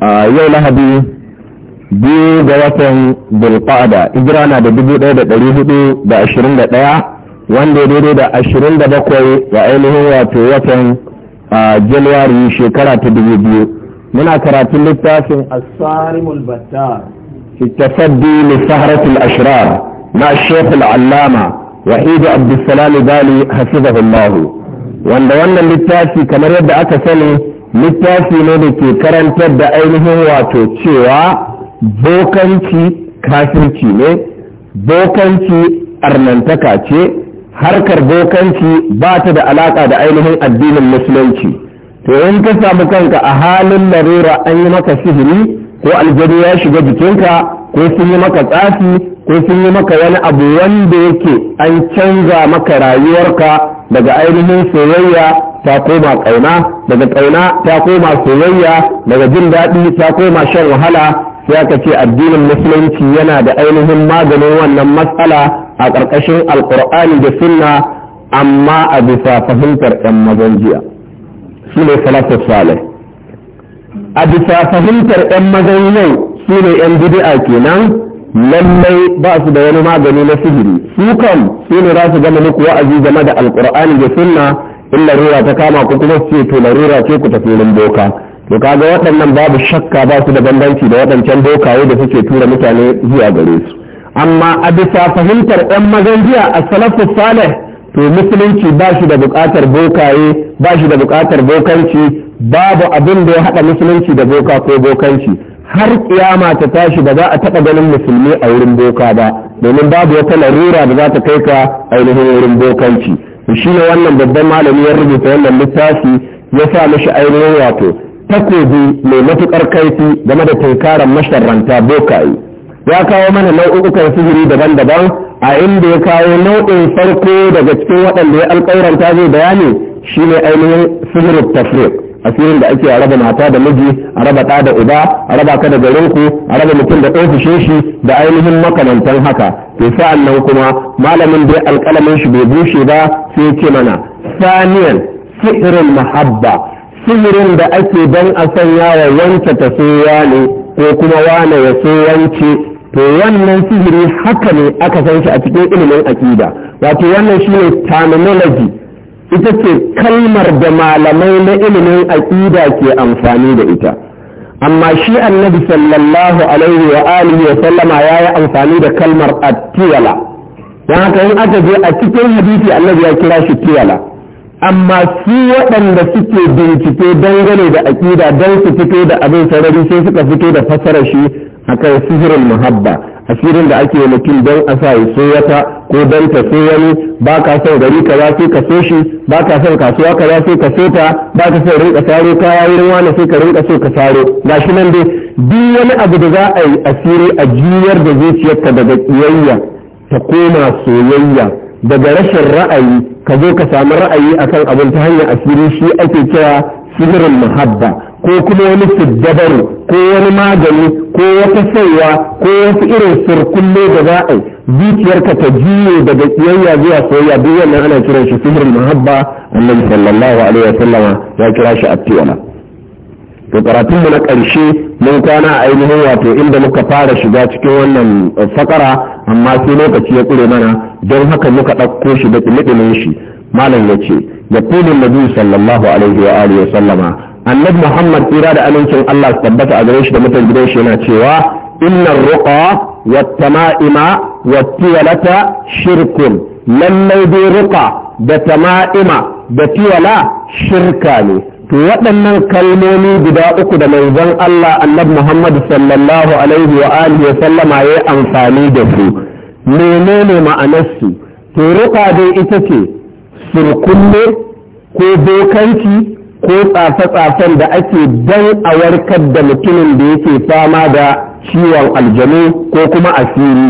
a yau lahadi biyu ga watan bulqada hijira na da dubu ɗaya da ɗari hudu da ashirin da ɗaya wanda daidai da ashirin da bakwai ga ainihin wato watan januwari shekara ta dubu biyu muna karatun littafin asarimul mulbata fi tafaddi li saharatul ashirar na shekul allama wahidu abdulsalam bali hulahu. wanda wannan littafi kamar yadda aka sani littafi ne da ke karantar da ainihin wato cewa bokanci kafirci ne bokanci arnantaka ce harkar bokanci ba ta da alaka da ainihin addinin musulunci to in ka samu kanka a halin larura an yi maka sihiri ko aljanu ya shiga jikinka ko sun yi maka tsafi ko sun yi maka wani abu wanda yake an canza maka rayuwarka daga ainihin soyayya ta koma ƙauna daga ƙauna ta koma soyayya daga jin daɗi ta koma shan wahala sai aka ce addinin musulunci yana da ainihin maganin wannan matsala a ƙarƙashin alƙur'ani da sunna amma a bisa fahimtar 'yan mazan jiya su ne salafus a bisa fahimtar 'yan mazan yau su ne 'yan bid'a kenan lallai ba su da wani magani na sihiri su kan su ne za su gama muku wa'azi game da alkur'ani da sunna in larura ta kama ku kuma ce to larura ce ku tafi wurin boka to kaga waɗannan babu shakka ba su da bambanci da waɗancan bokaye da suke tura mutane zuwa gare su amma a bisa fahimtar ɗan maganjiya a salafu salih to musulunci ba shi da buƙatar bokaye ba shi da buƙatar bokanci babu abin da ya haɗa musulunci da boka ko bokanci har kiyama ta tashi ba za a taɓa ganin musulmi a wurin boka ba domin babu wata larura da za ta kai ka ainihin wurin bokanci shi ne wannan babban malami ya rubuta wannan littafi ya sa mashi ainihin wato takobi mai matukar kaifi game da tunkarar masharranta bokaye ya kawo mana nau'ukan sihiri daban-daban a inda ya kawo nau'in farko daga cikin waɗanda ya alƙawaranta zai bayani shine ainihin sihirin tafriq asirin da ake a raba mata da miji a raba ɗa da uba a raba ka da garin ku a raba mutum da ofishin shi da ainihin makamantan haka to sa'an nan kuma malamin dai alƙalamin shi bai bushe ba sai ce mana saniyan sihirin mahabba sihirin da ake dan a sanya wa wance ta so ne ko kuma wane ya so wance to wannan sihiri haka ne aka san shi a cikin ilimin aƙida wato wannan shine terminology ita ce kalmar da malamai na ilimin aƙida ke amfani da ita amma shi annabi sallallahu alaihi wa alihi wa sallama ya yi amfani da kalmar attiyala don haka in aka je a cikin hadisi annabi ya kira shi tiyala amma su waɗanda suke bincike dangane da aƙida don su fito da abin sarari sai suka fito da fassara shi akan sihirin muhabba asirin da ake mutum don a sa ya so wata ko don ta so wani ba ka son gari ka za sai ka so shi ba ka son kasuwa ka za sai ka so ta ba ka son rinka saro kaya wurin wani sai ka rinka so ka saro shi nan dai duk wani abu da za a yi asiri a juyar da zuciyarka daga kiyayya ta koma soyayya daga rashin ra'ayi ka zo ka samu ra'ayi akan abin ta hanyar asiri shi ake kira sihirin muhabba ko kuma wani siddabaru ko wani magani ko wata saiwa ko wasu irin surkulle da za a zuciyarka ta juyo daga kiyayya zuwa soyayya duk wannan ana kiran shi sihir muhabba annabi sallallahu alaihi wa sallama ya kira shi attiwala to karatunmu na karshe mun kwana a ainihin wato inda muka fara shiga cikin wannan uh, fakara amma sai lokaci ya ƙure mana don haka muka ɗauko shi da ɗimiɗimin shi malam ya ce da kulin nabi sallallahu alaihi wa alihi wa sallama annabi muhammad tsira da amincin allah su tabbata a gare shi da mutan gidan shi yana cewa inna ruqa wa tama'ima wa tiwalata shirkun lallai dai ruqa da tama'ima da tiwala shirka ne to waɗannan kalmomi guda uku da manzon allah annabi muhammad sallallahu alaihi wa alihi wa sallama ya yi amfani da su menene ma'anarsu to ruqa dai ita ce surkulle ko bokanci ko tsafe-tsafen da ake dan a warkar da mutumin da yake fama da ciwon aljanu ko kuma asiri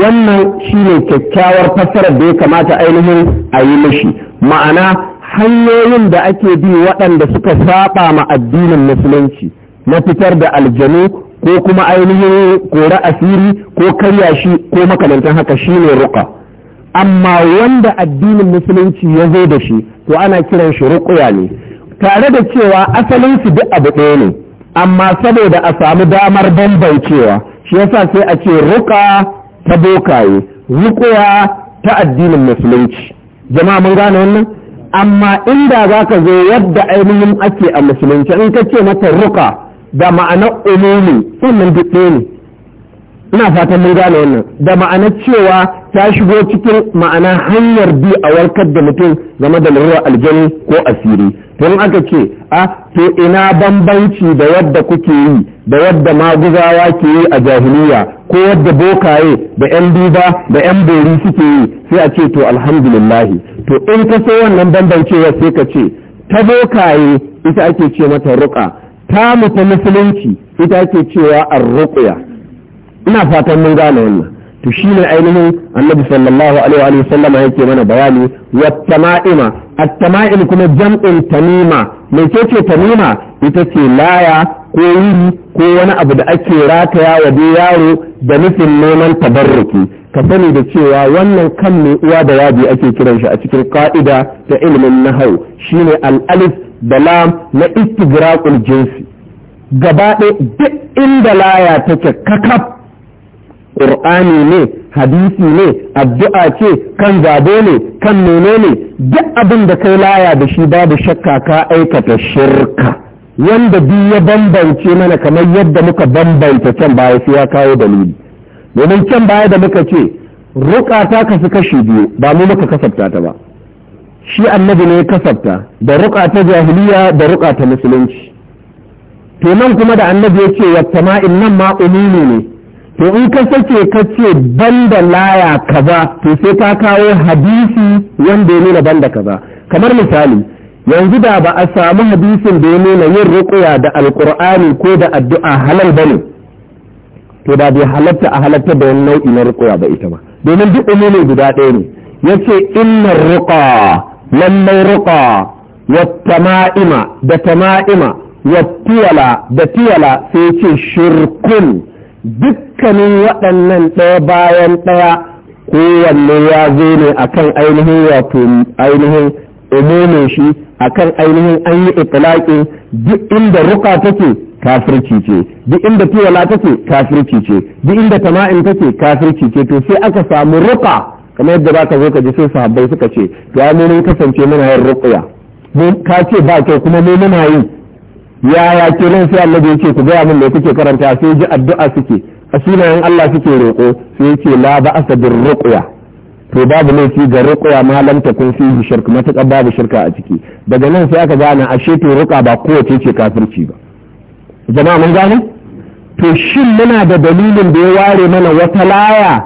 wannan shi ne kyakkyawar fassarar da ya kamata ainihin a yi mishi ma'ana hanyoyin da ake bi waɗanda suka saba ma addinin musulunci na fitar da aljanu ko kuma ainihin kora asiri ko karya shi ko makamantan haka shi ne ruka amma wanda addinin musulunci ya zo da shi to ana kiran shi ruƙuya ne tare da cewa asalin su duk abu ɗaya ne amma saboda a samu damar bambancewa shi yasa sai a ce ruka ta bokaye rukuwa ta addinin musulunci jama'a mun gane wannan amma inda za ka zo yadda ainihin ake a musulunci in ka ce mata ruka da ma'anar umumi sannan duk ɗaya ne ina fatan mun gane wannan da ma'anar cewa ta shigo cikin ma'ana hanyar bi a warkar da mutum game da lura aljani ko asiri tun aka ce a to ina bambanci da yadda kuke yi da yadda maguzawa ke yi a jahiliya ko yadda bokaye da yan duba da yan bori suke yi sai a ce to alhamdulillahi to in ka so wannan bambancewar sai ka ce ta bokaye ita ake ce mata ruka ta mutu musulunci ita ake cewa aruƙuya. ina fatan mun gane wannan to shi ne ainihin annabi sallallahu alaihi wa sallama yake mana bayani wa tama'ima at-tama'im kuma jam'in tamima me ce tamima ita ce laya ko wuri ko wani abu da ake rataya wa dai yaro da nufin neman tabarruki ka sani da cewa wannan kan mai uwa da yadi ake kiran shi a cikin ka'ida ta ilimin nahau shine al-alif da lam na istigraqul jinsi gaba ɗaya duk inda laya take kakaf ƙur'ani ne hadisi ne addu'a ce kan zaɓe ne kan menene duk abin da kai laya da shi babu shakka ka aikata shirka wanda duk ya bambance mana kamar yadda muka bambanta can baya sai ya kawo dalili domin can baya da muka ce ruka ta kasu kashi biyu ba mu muka kasafta ta ba shi annabi ne ya kasafta da ruka ta jahiliya da ruka ta musulunci to nan kuma da annabi ya ce yatta ma'in nan ma ne to in ka sake ka ce banda laya kaza to sai ka kawo hadisi wanda ya nuna banda kaza kamar misali yanzu da ba a samu hadisin da ya nuna yin rukuya da alƙur'ani ko da addu'a halal bane to da bai halatta a halatta da wani nau'i na ruƙuya ba ita ba domin duk umumi guda ɗaya ne yace inna ruqa lallai ruqa wa tama'ima da tama'ima wa tiyala da tiyala sai ce shirkun dukkanin waɗannan ɗaya bayan ɗaya kowanne ya zo ne akan ainihin wato ainihin umumin shi akan ainihin an yi itilaƙin duk inda ruka take kafirci ce duk inda tuwala take kafirci ce duk inda tama'in take kafirci ce to sai aka samu ruka kamar yadda ba ka zo ka ji sai sahabbai suka ce to mun kasance muna yin ruqya mun ka ce ba kyau kuma mu muna yi yaya kenan sai ya ce ku gaya min da kuke karanta sai ji addu'a suke a sunayen Allah suke roko sai yake la ba bir ruqya to babu laifi ga ruqya malam ta kun fi shirk babu shirka a ciki daga nan sai aka gane ashe to ruqa ba kowace ce kafirci ba jama'a mun gane to shin muna da dalilin da ya ware mana wata laya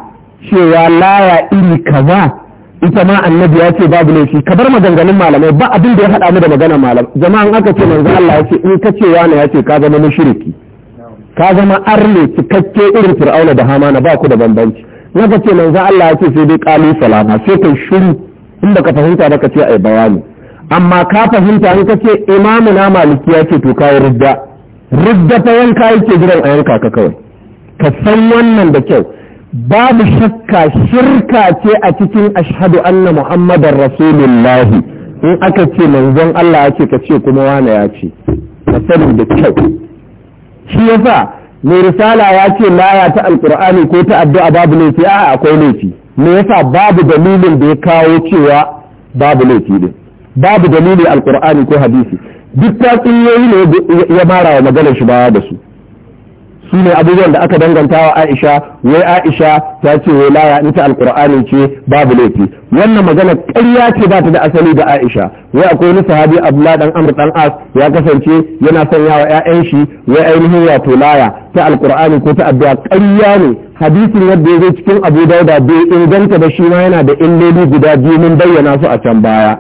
cewa laya iri kaza ita ma annabi ya ce babu laifi ka bar maganganun malamai ba abin da ya haɗa mu da magana malam jama'an aka ce manzo Allah ya ce in ka ce wani ya ce ka zama mushriki ka zama arne cikakke irin fir'auna da hamana ba ku da bambanci na ka ce manzo Allah ya ce sai dai qalu salama sai kai shiru in ka fahimta ba ka ce ai bayani amma ka fahimta in ka ce imamu na maliki ya ce to kai rudda rudda ta yanka yake jiran a yanka ka kawai ka san wannan da kyau babu shakka shirka ce a cikin ashhadu anna muhammadar rasulullah in aka ce manzon Allah ya ce ka ce kuma wane ya ce ka sani da kyau shi yasa mai risala ya ce laya ta alkur'ani ko ta addu'a babu laifi a akwai laifi me yasa babu dalilin da ya kawo cewa babu laifi din babu dalilin alkur'ani ko hadisi duk tatsuniyoyi ne ya mara wa maganar shi baya da su su ne abubuwan da aka danganta wa aisha wai aisha ta ce wai laya ita alkur'ani ce babu laifi wannan magana ƙarya ce ba ta da asali da aisha wai akwai wani sahabi abdullah dan amr dan as ya kasance yana sanya wa ƴaƴan shi wai ainihin wato laya ta alkur'ani ko ta addu'a ƙarya ne hadisin yadda ya zo cikin abu dauda bai inganta da shi ma yana da illoli guda biyu mun bayyana su a can baya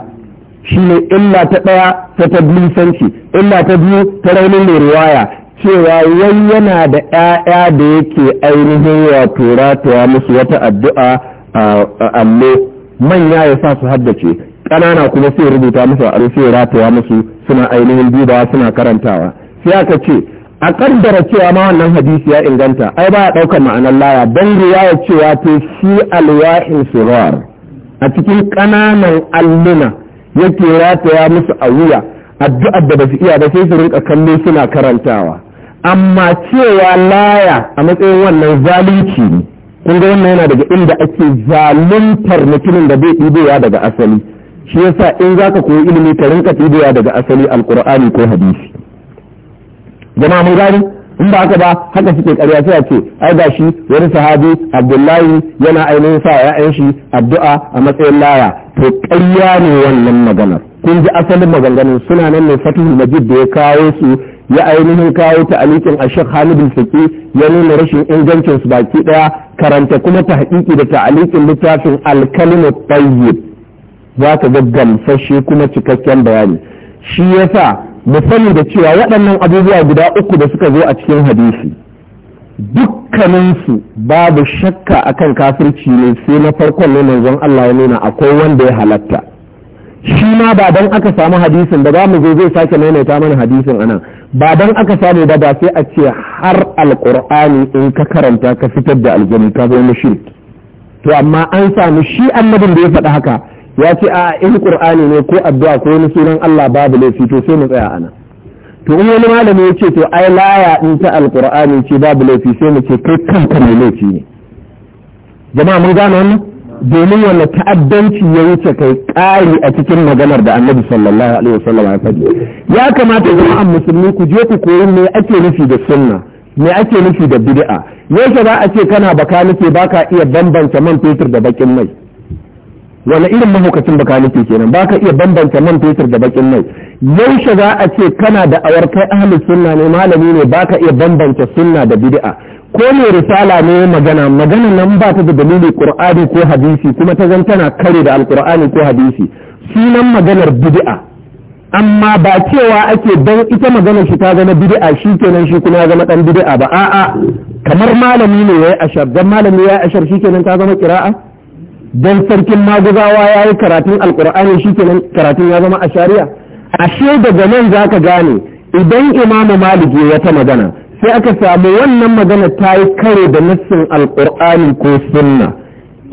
shine illa ta ɗaya ta tablisanci illa ta biyu ta raunin mai riwaya cewa wai yana da ‘ya'ya da yake ainihin wato ratuwa musu wata addu'a allo manya ya sa su haddace ƙanana kuma sai rubuta musu a sai ratuwa musu suna ainihin duba suna karantawa sai aka ce a kaddara cewa ma wannan hadisi ya inganta ai ba a ɗaukar ma'anar laya don ya cewa to shi alwahin surar a cikin ƙananan alluna yake rataya musu a wuya addu'ar da ba su iya ba sai su rinka kallo suna karantawa amma cewa laya a matsayin wannan zalunci ne kun ga wannan yana daga inda ake zaluntar mutumin da bai ɗibewa daga asali shi yasa in za ka koyi ilimi ka rinka ɗibewa daga asali alkur'ani ko hadisi jama'a mun gani in ba haka ba haka suke karya sai a ce ai ga shi wani sahabi abdullahi yana ainihin sa ya'yan shi addu'a a matsayin laya to ƙarya ne wannan maganar kun ji asalin maganganun suna nan ne fatihul majid da ya kawo su ya ainihin kawo alikin a shek hamidul sake ya nuna rashin ingancin su baki daya karanta kuma ta haƙiƙi da alikin littafin al tayyib za ka ga gamsashe kuma cikakken bayani shi yasa mu sani da cewa waɗannan abubuwa guda uku da suka zo a cikin hadisi dukkaninsu babu shakka akan kafirci ne sai na farkon ne manzon Allah ya nuna akwai wanda ya halatta shi ma ba dan aka samu hadisin da za mu zo zai sake maimaita mana hadisin anan ba dan aka samu ba ba sai a ce har alkur'ani in ka karanta ka fitar da aljani ka zo mushrik to amma an samu shi annabin da ya faɗi haka ya ce a in kur'ani ne ko addu'a ko wani sunan Allah babu laifi to sai mu tsaya anan to in wani malami ya ce to ai laya in ta alkur'ani ce babu laifi sai mu ce kai kanka mai laifi ne jama'a mun gane wannan domin wanda ta'addanci ya wuce kai ƙari a cikin maganar da annabi sallallahu alaihi wasallam ya faɗi ya kamata jama'an musulmi ku je ku koyi me ake nufi da sunna me ake nufi da bid'a yaushe za a ce kana baka nufi baka iya bambance man fetur da bakin mai wani irin mahaukacin baka nufi kenan baka iya bambance man fetur da bakin mai yaushe za a ce kana da awar kai ahlus sunna ne malami ne baka iya bambance sunna da bid'a ko mai risala ne magana magana nan ba ta da dalili qur'ani ko hadisi kuma ta zan tana kare da alqur'ani ko hadisi sunan maganar bid'a amma ba cewa ake dan ita maganar shi ta zama bid'a shi kenan shi kuma ya zama dan bid'a ba a'a kamar malami ne yayi ashar dan malami yayi ashar shi kenan ta zama qira'a dan sarkin maguzawa yayi karatun alqur'ani shi kenan karatun ya zama ashariya ashe daga nan zaka gane idan imamu maliki ya ta magana sai aka samu wannan magana ta yi karo da nassin Alkur'ani ko sunna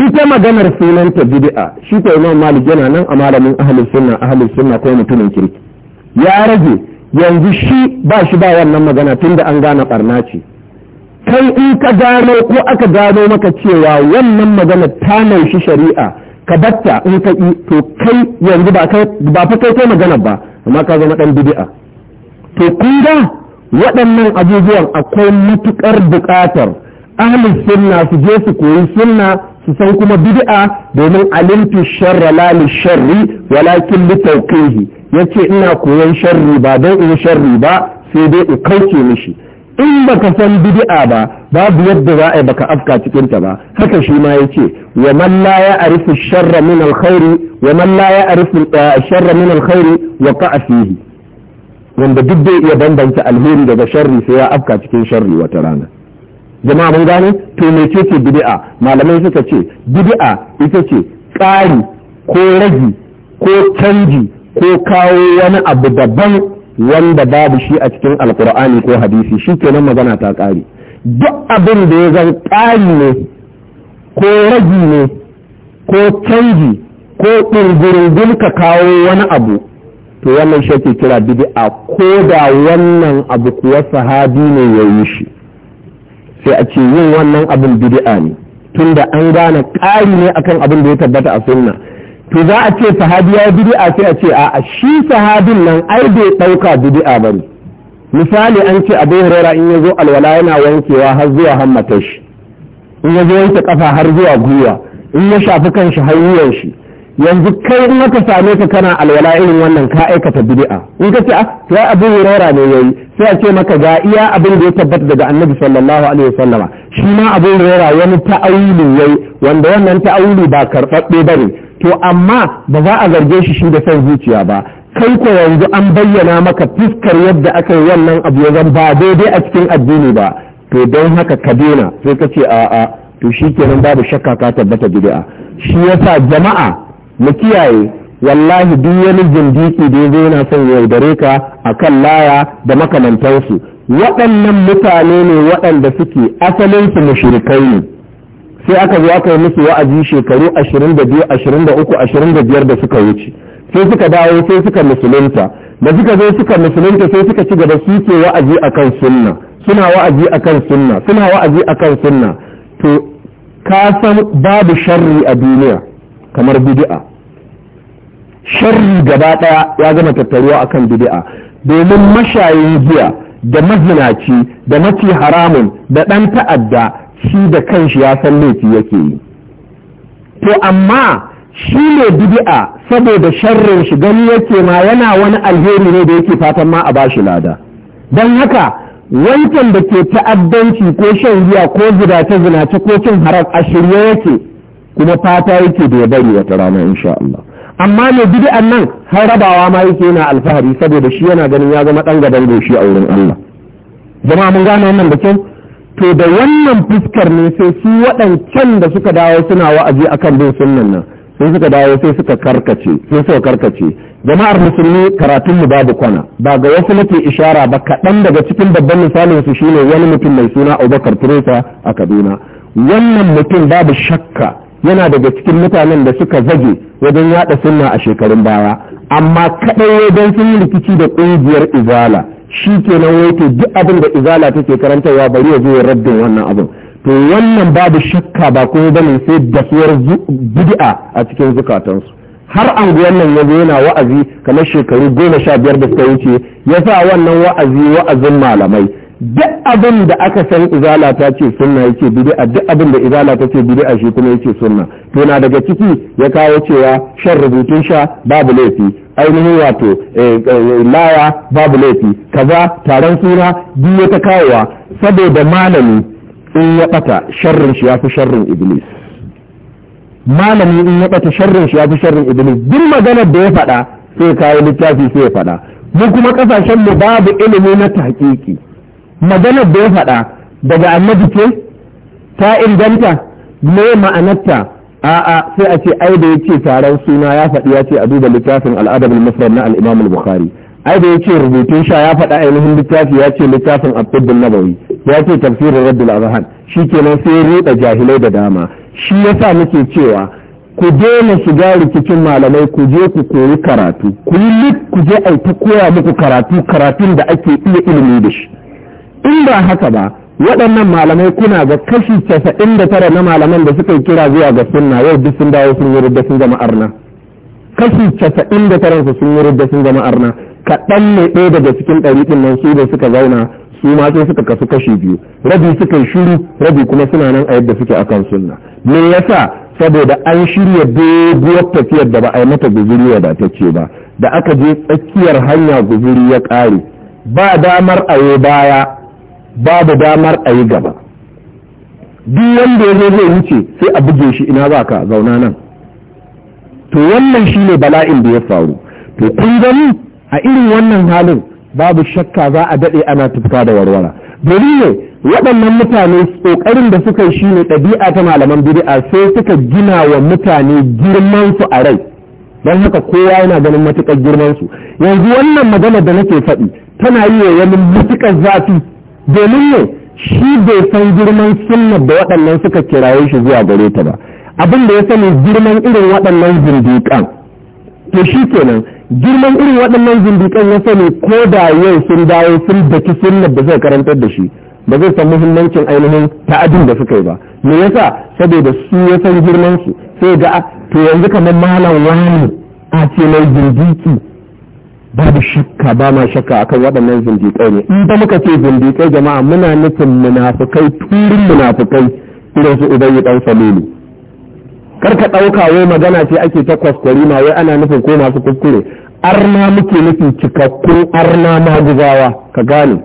ita maganar sunanta bid'a shi ko imam malik yana nan a malamin ahlus sunna ahlus sunna ko mutumin kirki ya rage yanzu shi ba shi ba wannan magana tunda an gane barna ce kai in ka gano ko aka gano maka cewa wannan magana ta naushi shari'a ka batta in ka yi to kai yanzu ba fa kai kai magana ba amma ka zama dan bid'a to kun ga waɗannan abubuwan akwai matuƙar buƙatar ahlus sunna su je su koyi sunna su san kuma bid'a domin alimtu sharra la li sharri walakin li tawqihi yace ina koyon sharri ba don in sharri ba sai dai in kauce mishi in baka san bid'a ba babu yadda za a yi baka afka cikin ta ba haka shi ma yace wa man la ya'rifu sharra min al-khairi wa man la ya'rifu eh, sharra min al-khairi wa wanda duk zai iya bambanta alheri daga sharri sai ya afka cikin sharri wata rana jama'a mun gane to me ce ce bid'a malamai suka ce bid'a ita ce ƙari ko ragi ko canji ko kawo wani abu daban wanda babu shi a cikin alkur'ani ko hadisi shi kenan magana ta ƙari duk abin da ya zan ƙari ne ko ragi ne ko canji ko ɗungurungun ka kawo wani abu to wannan shi ake kira bid'a ko da wannan abu kuwa sahabi ne ya yi shi sai a ce yin wannan abin bid'a ne tunda an gane ƙari ne akan abin da ya tabbata a sunna to za a ce sahabi ya bid'a sai a ce a shi sahabin nan ai bai ɗauka bid'a ba ne misali an ce abu hurera in ya zo alwala yana wankewa har zuwa hammatar shi in ya zo wanke kafa har zuwa gwiwa in ya shafi kanshi har shi yanzu kai in aka same ka kana alwala irin wannan ka aikata bid'a in ka ce ah, to ai abu huraira ne yayi sai a ce maka ga iya abin da ya tabbata daga annabi sallallahu alaihi wasallama shi ma abu huraira wani ta'awili yayi wanda wannan ta'awili ba karɓaɓɓe bane to amma ba za a zarge shi shi da son zuciya ba kai ko yanzu an bayyana maka fuskar yadda aka yi wannan abu ya zama ba daidai a cikin addini ba to don haka ka daina sai ka ce a'a to shi kenan babu shakka ka tabbata bid'a shi yasa jama'a mu kiyaye wallahi duk wani jindiki da zai yana son ya yaudare ka akan laya da makamantansu waɗannan mutane ne waɗanda suke asalinsu su mushrikai ne sai aka zo aka yi musu wa'azi shekaru 22 23 25 da suka wuce sai suka dawo sai suka musulunta da suka zo suka musulunta sai suka ci gaba su ke wa'azi akan sunna suna wa'azi akan sunna suna wa'azi akan sunna to ka san babu sharri a duniya kamar bid'a sharri gaba ɗaya ya zama tattaruwa akan bid'a domin mashayin giya da mazinaci da maci haramun da ɗan ta'adda shi da kanshi ya san laifi yake yi to amma shi ne bid'a saboda sharrin shi gani yake ma yana wani alheri ne da yake fatan ma a bashi lada don haka wancan da ke ta'addanci ko shan giya ko zinace zinace ko cin haram a shirye yake kuma fata yake da ya bari wata rana insha Allah amma mai bid'an nan har rabawa ma yake yana alfahari saboda shi yana ganin ya zama ɗan gaban goshi a wurin Allah jama'a mun gane wannan da kyau to da wannan fuskar ne sai su waɗancan da suka dawo suna wa'azi akan bin sunnan nan sai suka dawo sai suka karkace sai suka karkace jama'ar musulmi karatun mu babu kwana ba ga wasu nake ishara ba kaɗan daga cikin babban misalin su shine wani mutum mai suna Abubakar Turesa a Kaduna wannan mutum babu shakka yana daga cikin mutanen da suka zage wajen yada sunna a shekarun baya amma kadai wajen sun yi rikici da kungiyar izala shi kenan nan wato duk abin da izala take karantarwa bari ya zo ya raddin wannan abin to wannan babu shakka ba kuma bane sai da dasuwar bid'a a cikin zukatansu har anguwan nan ya yana wa'azi kamar shekaru goma sha biyar da suka wuce ya sa wannan wa'azi wa'azin malamai duk abin da aka san izala ta ce sunna yake bid'a duk abin da izala ta ce bid'a shi kuma yake sunna to na daga ciki ya kawo cewa shan rubutun sha babu laifi ainihin wato eh, eh, laya babu laifi kaza taron suna duk ya ta kawowa saboda malami in ya bata sharrin shi ya fi sharrin iblis malami in ya bata sharrin shi ya fi sharrin iblis duk maganar da ya faɗa sai kawo littafi sai ya faɗa mu kuma kasashen mu babu ilimi na tahqiqi maganar da ya faɗa daga annabi ce ta inganta me ma'anarta a'a sai a ce ai da yace taron suna ya faɗi ya ce a duba littafin al'adab al-mufrad na al-imam al-bukhari ai da yace rubutun sha ya faɗa ainihin littafi ya ce littafin abdul nabawi ya ce tafsirin raddul azhan shikenan sai ya ruɗa jahilai da dama shi yasa muke cewa ku daina shiga rikicin malamai ku je ku koyi karatu ku yi ku je ai ta koya muku karatu karatun da ake iya ilimi da shi in ba haka ba waɗannan malamai kuna ga kashi casa'in da tara na malaman da suka yi kira zuwa ga sunna yau duk sun dawo sun yi sun zama arna kashi casa'in da tara sun yi da sun zama arna kaɗan ne ɗaya daga cikin ɗari ɗin nan su da suka zauna su ma sai suka kasu kashi biyu rabi suka yi shiru rabi kuma suna nan a yadda suke akan sunna me yasa saboda an shirya doguwar tafiyar da ba a yi mata guzuri ce ba da aka je tsakiyar hanya guzuri ya ƙare ba damar a yi baya babu damar a yi gaba duk wanda ya zo zai wuce sai a buge shi ina za ka zauna nan to wannan shi ne bala'in da ya faru to kun gani a irin wannan halin babu shakka za a daɗe ana tufka da warwara domin ne waɗannan mutane ƙoƙarin da suka shi ne ɗabi'a ta malaman bid'a sai suka gina wa mutane girman su a rai don haka kowa yana ganin matuƙar girman su yanzu wannan magana da nake faɗi tana yi wa wani matuƙar zafi domin ne shi bai san girman sunan da waɗannan suka kiraye shi zuwa gare ta ba abin da ya sani girman irin waɗannan zindiƙan to shi kenan girman irin waɗannan zindiƙan ya sani ko da yau sun dawo sun daki sunan da zai karantar da shi ba zai san muhimmancin ainihin ta'adin da suka yi ba me yasa saboda su ya san girman su sai ga ah, to yanzu kamar malam wani a ce mai zindiki babu shakka ba ma shakka akan waɗannan zindiƙai ne in ba muka ce zindiƙai jama'a muna nufin munafukai turin munafukai irin su ubayi dan salulu kar ka ɗauka wai magana ce ake ta kwaskwari ma wai ana nufin ko masu kuskure arna muke nufin cikakkun arna maguzawa ka gane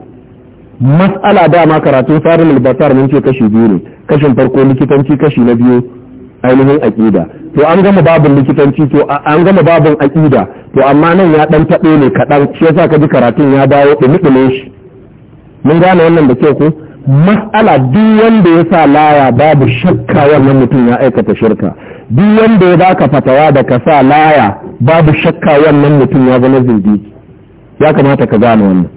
mas'ala dama karatun farin albasar mun ce kashi biyu ne kashin farko likitanci kashi na biyu ainihin aƙida to an gama babin likitanci to an gama babin aƙida to amma nan ya ɗan taɓe ne kaɗan shi yasa ka ji karatun ya dawo ɗumi shi mun gane wannan da kyau ko mas'ala duk wanda ya sa laya babu shakka wannan mutum ya aikata shirka duk wanda ya baka fatawa da ka sa laya babu shakka wannan mutum ya zama zindi ya kamata ka gane wannan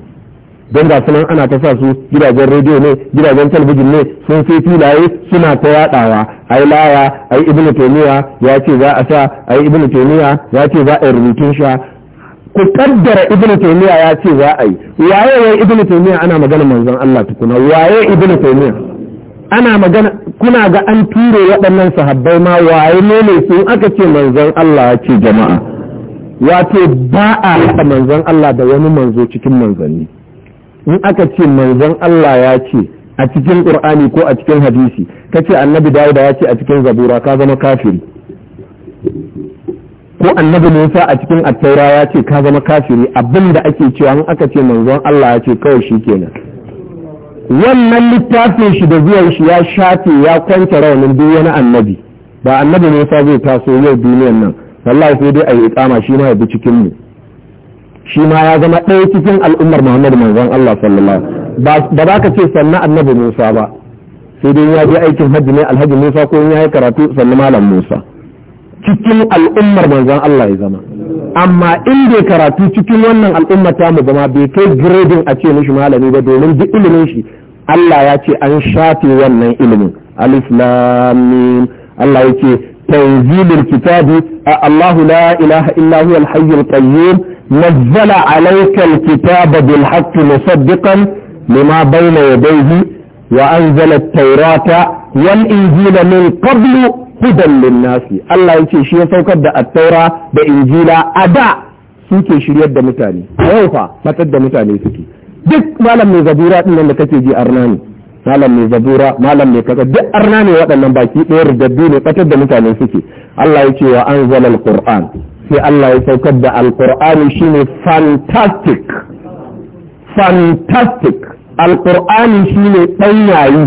don ga sunan ana ta sa su gidajen rediyo ne gidajen talabijin ne sun fi filaye suna ta yadawa ai lawa ai ibnu taymiya ya ce za a sa ai ibnu taymiya ya ce za a yi rubutun sha ku kaddara ibnu taymiya ya ce za a yi waye wai ibnu taymiya ana magana manzon Allah tukuna waye ibnu taymiya ana magana kuna ga an ture waɗannan sahabbai ma waye ne sun aka ce manzon Allah ya ce jama'a wato ba a haɗa manzon Allah da wani manzo cikin manzanni in aka ce manzon Allah ya ce a cikin qur'ani ko a cikin hadisi kace annabi Dawud ya ce a cikin zabura ka zama kafiri ko annabi Musa a cikin attaura ya ce ka zama kafiri abin da ake cewa in aka ce manzon Allah ya ce kawai shi kenan wannan littafin shi da zuwan shi ya shafe ya kwanta raunin duk wani annabi ba annabi Musa zai taso yau duniyar nan wallahi sai dai a yi ikama shi ma ya cikin mu shi ma ya zama ɗaya cikin al'ummar muhammadu manzon Allah sallallahu ba za ka ce sannu annabi Musa ba sai dai ya je aikin hajji ne alhaji Musa ko ya yi karatu sannan malam Musa cikin al'ummar manzon Allah ya zama amma in bai karatu cikin wannan al'ummar ta mu zama bai kai grading a ce mishi malami ba domin duk ilimin shi Allah ya ce an shafe wannan ilimin alif lam Allah ya ce تنزيل الكتاب الله لا إله إلا هو الحي القيوم نزل عليك الكتاب بالحق مصدقا لما بين يديه وأنزل التوراة والإنجيل من قبل هدى للناس الله يكي شيء سوكر ده التوراة ده إنجيل أداء suke shiryar da mutane yau fa matar da mutane suke duk malam mai zabura din nan da kake ji arnani malam mai zabura malam mai kaza duk arna ne waɗannan baki ɗaya ridaddu ne fatar da mutane suke Allah ya ce wa anzala alquran sai Allah ya saukar da Alƙur'ani shine fantastic fantastic Alƙur'ani shine ɗan yayi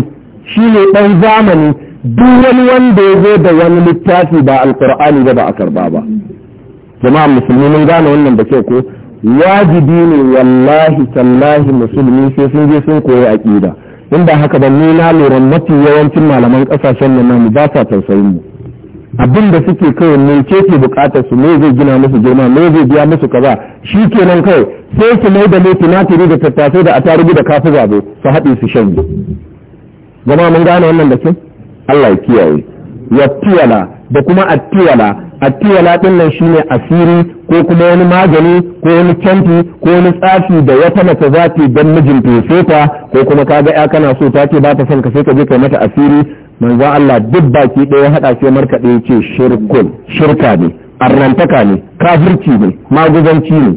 shine ɗan zamani duk wani wanda ya zo da wani littafi ba Alƙur'ani ba ba a karba ba jama'a musulmi mun gane wannan da kyau ko wajibi ne wallahi tallahi musulmi sai sun je sun koyi aqida in ba haka ba ni na lura mafi yawancin malaman kasashen nan ba sa tausayin mu abin da suke kawai ne ce ke bukatar su ne zai gina musu girma ne zai biya musu kaza shi kenan kawai sai su mai da mai tunatiri da tattasai da atarugu da kafu zabo su haɗe su shanye zama mun gane wannan da ke Allah ya kiyaye wattiwala da kuma attiwala attiwala din nan shine asiri ko kuma wani magani ko wani canti ko wani tsafi da ya mace za ta dan mijin ta ko kuma kaga ya kana so ta ce ba ta son ka sai ka je kai mata asiri manzo Allah duk baki ɗaya haɗa sai markaɗe ce shirkun shirka ne arrantaka ne kafirci ne maguzanci ne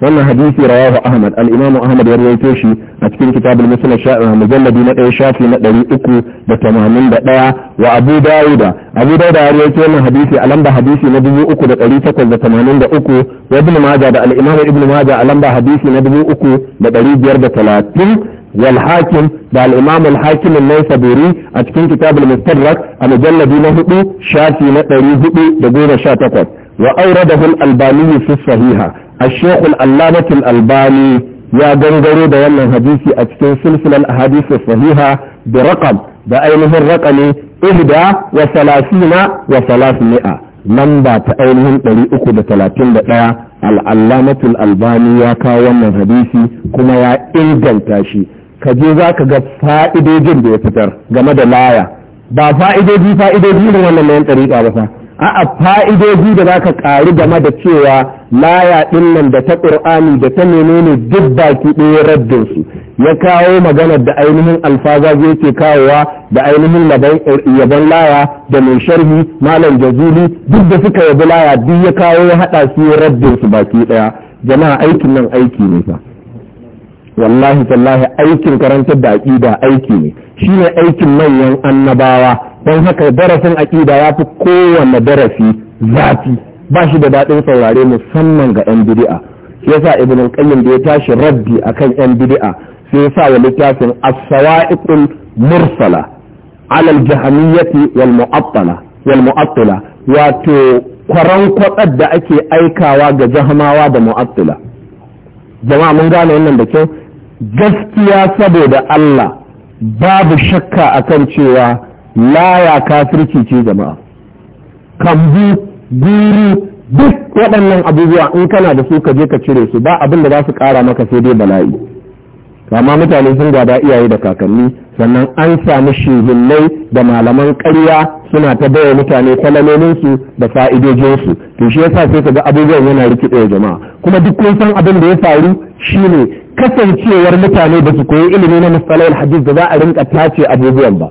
wannan hadisi rawahu ahmad al-imam ahmad ya rawaito shi a cikin kitabul muslim sha'a mujalladi na ɗaya shafi na ɗari uku da tamanin da ɗaya wa abu dawuda abu dawuda ya rawaito wannan hadisi a lamba hadisi na dubu uku da ɗari takwas da tamanin da uku wa ibn maja da al-imam ibn maja a lamba hadisi na dubu uku da ɗari biyar da talatin والحاكم ده الامام الحاكم النيسابوري اتكين كتاب المستدرك المجلد له شافي نقري هدو دقون شاتقت وأورده الألباني في الصحيحة الشيخ العلامة الألباني يا جنجرو da wannan hadisi a cikin silsilar ahadith sahiha da raqam da ainihin raqami ihda wa salasina wa salasmi'a lamba ta ainihin 331 al-allamatul albani ya kawo wannan hadisi kuma ya inganta shi kaje je za ka ga fa'idojin da ya fitar game da laya ba fa'idoji fa'idodi ne wannan mayan ba fa a'a da za ka ƙaru game da cewa laya ɗin nan da ta ƙur'ani da ta menene duk baki ɗaya raddin su ya kawo maganar da ainihin alfaza zai ke kawowa da ainihin yabon laya da mai sharhi malam jazuli duk da suka yabi laya duk ya kawo ya haɗa su raddin su baki ɗaya jama'a aikin nan aiki ne fa wallahi tallahi aikin karantar da aƙida aiki ne shine aikin manyan annabawa don haka darasin aƙida ya fi kowanne darasi zafi ba shi da daɗin saurare musamman ga 'yan bidi'a ya sa ibn qayyim da ya tashi raddi akan 'yan bidi'a sai sa wa littafin as-sawa'iqul mursala ala al-jahmiyyati wal mu'attala wato kwaran kwatsar da ake aikawa ga jahmawa da mu'attila jama'a mun gane wannan da kyau gaskiya saboda Allah babu shakka akan cewa laya kafirci ce jama'a kambu guru duk waɗannan abubuwa in kana da su ka je ka cire su ba abin da za su kara maka sai dai bala'i amma mutane sun gada iyaye da kakanni sannan an sami shehillai da malaman karya suna ta baya mutane kwalalolinsu da fa'idojinsu to shi yasa sai ka ga abubuwan yana rikiɗe jama'a kuma duk kun san abin da ya faru shine kasancewar mutane ba su koyi ilimi na misalai hadis da za a rinka tace abubuwan ba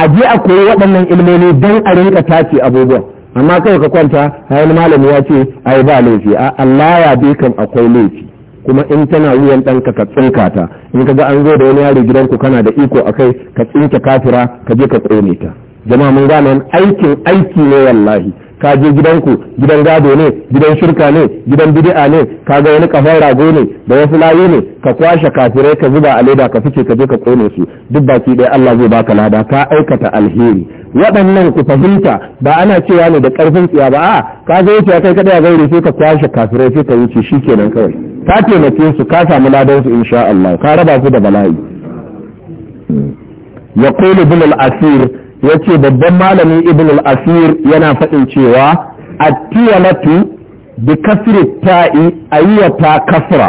a je a koyi waɗannan ilmomi don a rinka tace abubuwan amma kai ka kwanta hayan malami ya ce ai ba laifi a Allah ya bi kan akwai laifi kuma in tana wuyan ɗanka ka tsinka ta in ka an zo da wani yaro gidanku kana da iko akai ka tsinke kafira ka je ka tsone ta jama mun gane aikin aiki ne wallahi ka je gidanku gidan gado ne gidan shirka ne gidan bid'a ne ka ga wani kafar rago ne da wasu layu ne ka kwashe kafirai ka zuba a leda ka fice ka je ka kone su duk baki ɗaya Allah zai baka lada ka aikata alheri waɗannan ku fahimta ba ana cewa ne da ƙarfin tsiya ba a ka zo wuce kai kada ya sai ka kwashe kafirai sai ka wuce shikenan kawai ka taimake su ka samu ladan su insha Allah ka raba su da bala'i yaqulu bin al-asir yace ce babban malamin ibn al-asir yana faɗin cewa at-tiyalatu bi kasri ta'i ayyata kasra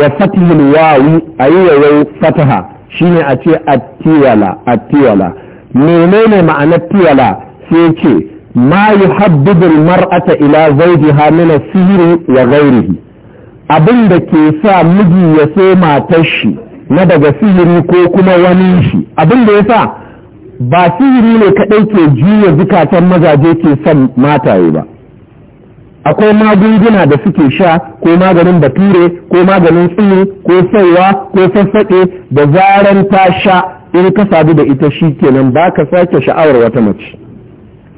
wa fatihil wawi ayyawai fataha shine a ce at-tiyala at-tiyala menene ma'anar tiyala sai ce ma yuhabbibu al-mar'ata ila zawjiha min as-sihr wa ghayrihi abin da ke sa miji ya so matar shi na daga sihiri ko kuma wani shi abin da ya sa ba sihiri ne kaɗai ke juya zukatan mazaje ke son mataye ba akwai magunguna da suke sha ko maganin bature ko maganin tsiri ko saiwa ko sassaƙe da zaran ta sha in ka sadu da ita shi kenan ba ka sake sha'awar wata mace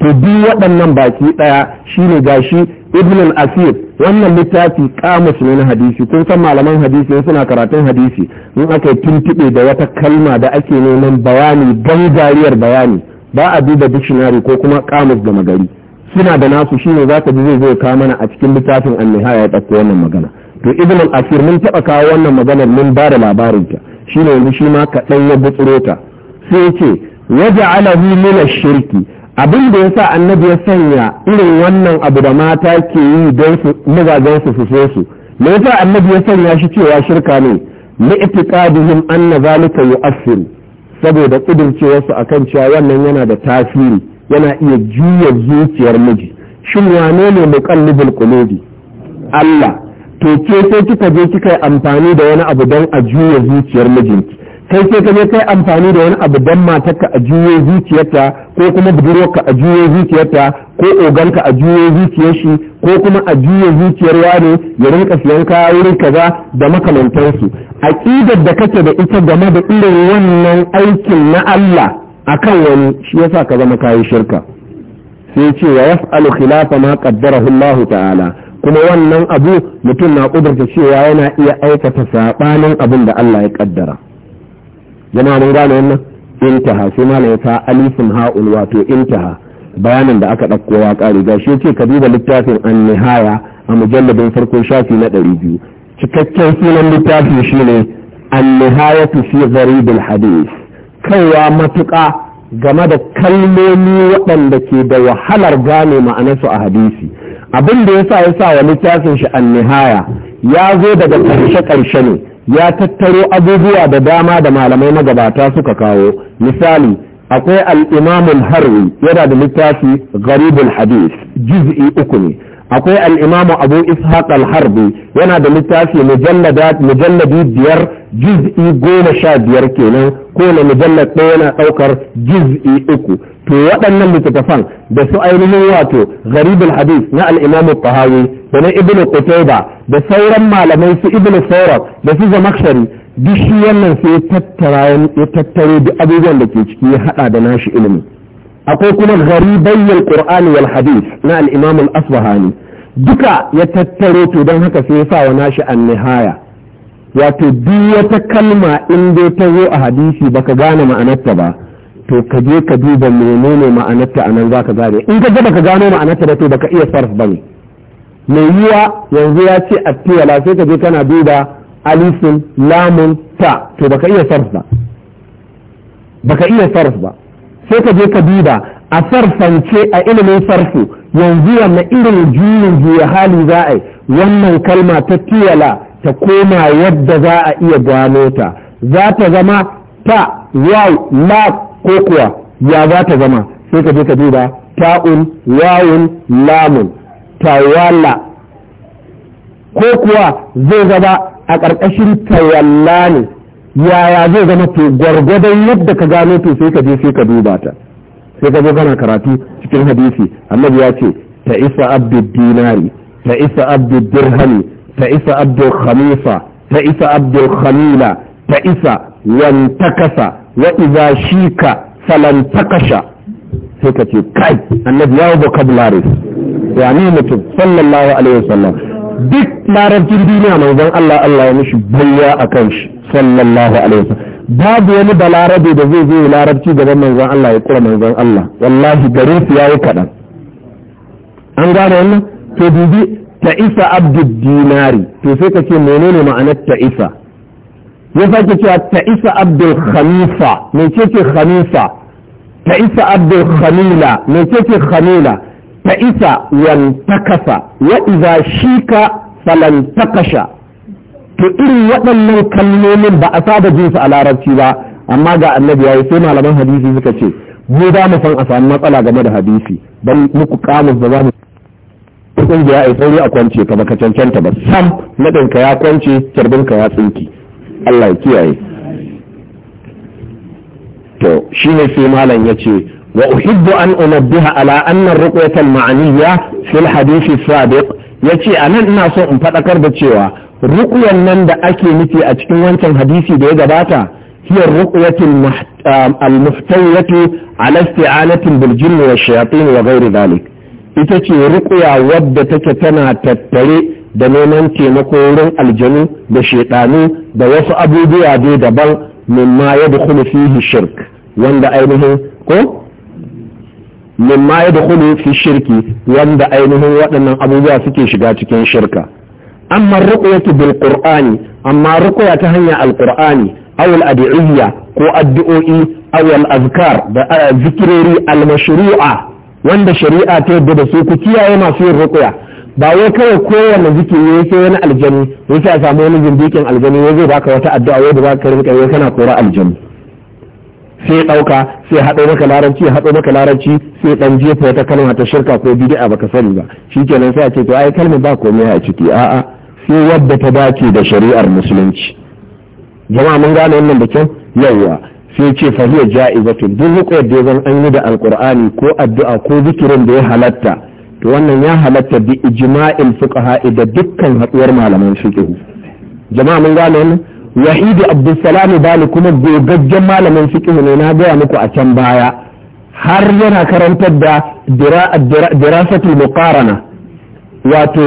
to duk waɗannan baki ɗaya shine gashi ibn al-asir wannan littafi kamus ne na hadisi kun san malaman hadisi suna karatun hadisi in aka tuntube da wata kalma da ake neman bayani gangariyar bayani ba a duba dictionary ko kuma kamus da magari suna da nasu shine za ka ji zai zo ka mana a cikin littafin an-nihaya ya ɗauko wannan magana to ibn al-asir mun taɓa kawo wannan maganar mun ba da ta shine yanzu shi ma kaɗan ya gutsuro ta sai ce waja'alahu min ash-shirki abin da ya sa annabi ya sanya irin wannan abu da mata ke yi don su mazajen su su su me yasa annabi ya sanya shi cewa shirka ne li itiqaduhum anna zalika yu'assir saboda kudircewar su akan cewa wannan yana da tasiri yana iya juya zuciyar miji shin wane ne muqallibul qulubi Allah to ke sai kika je kika yi amfani da wani abu don a juya zuciyar mijinki kai sai ka je kai amfani da wani abu dan matarka a juyo zuciyarta ko kuma budurwarka a juyo zuciyarta ko oganka a juyo zuciyar shi ko kuma a juyo zuciyar wani ya rinka siyan kaya wurin kaza da makamantansu aqidar da kake da ita game da irin wannan aikin na Allah akan wani shi yasa ka zama kayi shirka sai ce wa yas'alu khilafa ma qaddarahu Allah ta'ala kuma wannan abu mutum na kudurta cewa yana iya aikata sabanin abin da Allah ya kaddara jama'a mun gane wannan intaha sai malam ya sa alifin ha'ul wato intaha bayanin da aka ɗauko waƙa ƙare ga shi ce ka duba littafin an nihaya a mujalladin farko shafi na ɗari biyu cikakken sunan littafin shine an nihayatu fi gharibul hadith kaiwa matuƙa game da kalmomi waɗanda ke da wahalar gane ma'anarsu a hadisi abin da yasa ya sa wa littafin shi an nihaya ya zo daga ƙarshe ƙarshe ne ya tattaro abubuwa da dama da malamai magabata suka kawo misali akwai al'imamul harwi yana da littafi garibul hadis juz'i uku ne akwai al'imamu abu ishaq al-harbi yana da littafi mujalladi biyar juz'i goma sha biyar kenan kowane mujallar ɗaya yana ɗaukar jiz'i uku to waɗannan littattafan da su ainihin wato garibul hadis na al'imamu tahawi da na ibnu qutayba da sauran malamai su ibnu sawrak da su zamakshari duk shi wannan su ya tattaro duk abubuwan da ke ciki ya haɗa da nashi ilimi akwai kuma garibayyar qur'ani wal hadis na al-imam duka ya tattaro to don haka sai ya sa wa nashi an-nihaya wato duk wata kalma in dai ta zo a hadisi baka gane ma'anarta ba to ka je ka duba menene ma'anarta a nan za ka gane in ka baka gano ma'anarta ba to baka iya sarf ba ne mai yiwa yanzu ya ce attiyala sai ka je kana duba alifin lamun ta to baka iya sarf ba baka iya sarf ba sai ka je ka duba a sarfance a ilimin sarfu yanzu wannan irin juyin juya hali za a yi wannan kalma ta tiyala ta koma yadda za a iya gano ta za ta zama ta yau la ko kuwa ya za ta zama sai ka je ka duba ta'un wawun lamun tawalla ko kuwa zai zama a ƙarƙashin tawalla ne yaya zai zama to gwargwadon yadda ka gano to sai ka je sai ka duba ta sai ka zo kana karatu cikin hadisi annabi ya ce ta isa abdu dinari ta isa abdu dirhami ta isa abdul khamisa ta isa abdul khamila ta isa wantakasa wa iza shika falantakasha sai ka ce kai annabi ya vocabularies ya ne mutum sallallahu alaihi wasallam duk larabcin duniya manzon Allah Allah ya mishi bayya a kan shi sallallahu alaihi wasallam babu wani balarabe da zai zai larabci gaban manzon Allah ya kura manzon Allah wallahi gare su yayi kaɗan an gane wannan to dubi ta'isa abdud dinari to sai ka ce menene ma'anar ta'isa ya sake cewa ta'isa abdul khamisa me ce ce khamisa ta'isa abdul khamila me ce ce khamila ta'isa wan takasa wa idza shika falan takasha to irin waɗannan kalmomin ba a saba jin su a larabci ba amma ga annabi yayi sai malaman hadisi suka ce mu da mu san a samu matsala game da hadisi dan muku kamus da za kungiya ai tauri a kwance ka baka cancanta ba sam nadin ka ya kwance kirbin ka ya tsinki Allah ya kiyaye to shi shine sai malam ya ce wa uhibbu an unabbiha ala anna ar-ruqyata al-ma'niyya fil hadith as-sabiq yace anan ina so in fadakar da cewa ruqyan nan da ake nufi a cikin wancan hadisi da ya gabata هي الرقية المحتوية على استعانة بالجن wa وغير ذلك ita ce ruƙuya wadda take tana tattare da neman taimako wurin aljanu da shaidanu da wasu abubuwa dai daban mimma ya dukulu fihi shirk wanda ainihin ko mimma ya dukulu fi shirki wanda ainihin waɗannan abubuwa suke shiga cikin shirka amma ruqyatu bil qur'ani amma ruqya ta hanyar alqur'ani awal al ad'iyya ko addu'o'i awal azkar da eh, zikirori al mashru'a wanda shari'a ta yadda da su ku kiyaye masu yin rukuya ba wai kawai kowanne zikiri ne sai wani aljani ya sai a samu wani zindikin aljani ya zai baka wata addu'a wai da za ka rinka kana kora aljani sai ɗauka sai haɗo maka larabci haɗo maka larabci sai ɗan jefa wata kalma ta shirka ko bid'a baka sani ba Shi nan sai a ce to ai kalmar ba komai a ciki a'a sai wadda ta dace da shari'ar musulunci jama'a mun gane wannan da kyau yawwa sai ce fa huwa ja'ibatun duk da zan an yi da alkur'ani ko addu'a ko zikirin da ya halatta to wannan ya halatta bi ijma'il fuqaha da dukkan haduwar malaman fiqh jama'a mun gane wannan wahidi abdussalam bali kuma gogaggen malamin fiqh ne na gaya muku a can baya har yana karantar da dirasatul muqarana wato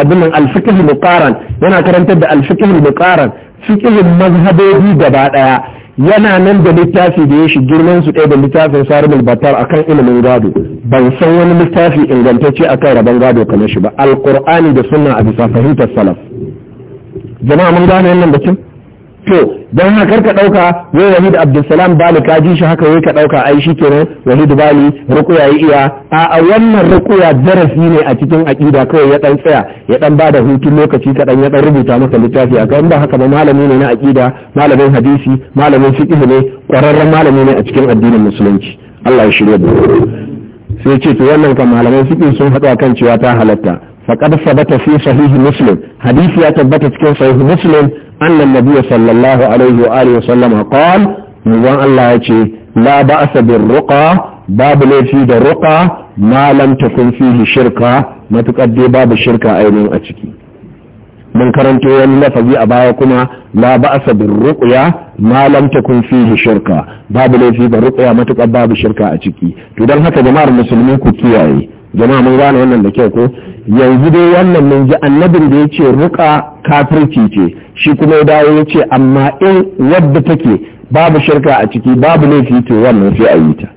abin al-fiqh muqaran yana karantar da al-fiqh muqaran fiqhin gaba daya yana nan da littafi da ya shi girman su ɗaya da littafin sarumul batar akan ilimin gado ban san wani littafi ingantacce akan rabon gado kamar shi ba alqur'ani da sunna a bisa fahimtar salaf jama'a mun gane wannan bakin to don haka ka dauka wai wahid abdulsalam bali ka ji shi haka wai ka dauka ai shi kenan wahid bali rukuya yi iya a wannan rukuya darasi ne a cikin aqida kawai ya dan tsaya ya dan bada hutun lokaci kaɗan ya dan rubuta maka littafi a kan ba haka ba malami ne na aqida malamin hadisi malamin fiqh ne kwararren malami ne a cikin addinin musulunci Allah ya shirya da sai ce to wannan kan malaman fiqh sun hada kan cewa ta halatta faqad sabata fi sahih muslim hadisi ya tabbata cikin sahih muslim أن النبي صلى الله عليه وآله وسلم قال نظام الله يتي لا بأس بالرقى باب ليفي الرقى ما لم تكن فيه شركة ما تقدي باب الشركة أيضا أتكي من كرمت وين لفظي أباكما لا بأس بالرقية ما لم تكن فيه شركة باب ليفي الرقية ما تقدي باب الشركة أتكي تدل هكذا جماعة المسلمين كتياي jama'a mun gane wannan da kyau ko yanzu dai wannan mun ji annabin da ya ce ruka kafirci ce shi kuma ya dawo ya ce amma in wadda take babu shirka a ciki babu laifi to wannan sai a yi ta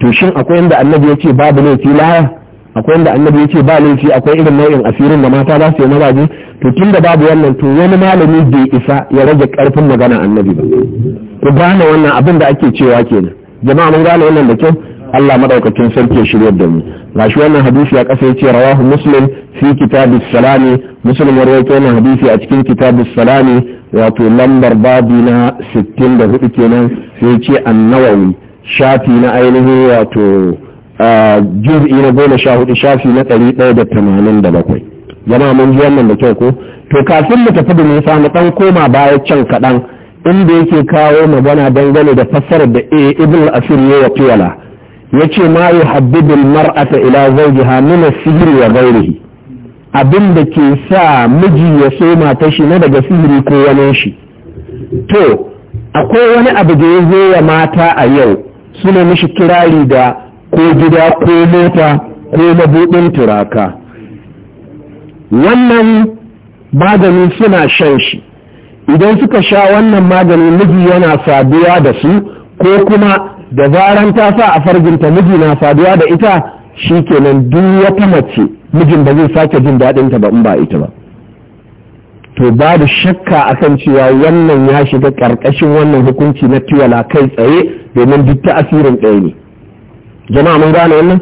to shin akwai inda annabi ya ce babu laifi laya akwai inda annabi ya ce ba laifi akwai irin nau'in asirin da mata za su yi mazaje to tun da babu wannan to wani malami bai isa ya rage karfin magana annabi ba ku gane wannan abin da ake cewa kenan jama'a mun gane wannan da kyau Allah madaukakin sarki ya shirya da mu gashi wannan hadisi ya kasa yace rawahu muslim fi kitabis salami muslim ya rawaito wannan hadisi a cikin kitabis salami wato lambar babi na 64 kenan sai yace an-nawawi shafi na ainihin wato juz'i na goma sha hudu shafi na ɗari ɗaya da tamanin da bakwai jama'a mun ji wannan da kyau ko to kafin mu tafi da nisa mu ɗan koma baya can kaɗan inda yake kawo magana dangane da fassarar da eh, ibn asir ya wa tuwala yace ma yi yuhabbibu almar'ata ila zauji min as sihiri ya ghayrihi abin da ke sa miji ya so mata shi na daga sihiri ko wani shi to akwai wani abu da ya zo wa mata a yau suna mishi kirari da ko gida ko mota ko mabuɗin turaka wannan maganin suna shan shi idan suka sha wannan maganin miji yana sabuwa da su ko kuma da zaran ta sa a farginta miji na saduwa da ita shi kenan duk wata mace mijin ba zai sake jin daɗin ta ba in ba ita ba to ba babu shakka akan cewa wannan ya shiga ƙarƙashin wannan hukunci na tiwala kai tsaye domin duk ta asirin ɗaya ne jama'a mun gane wannan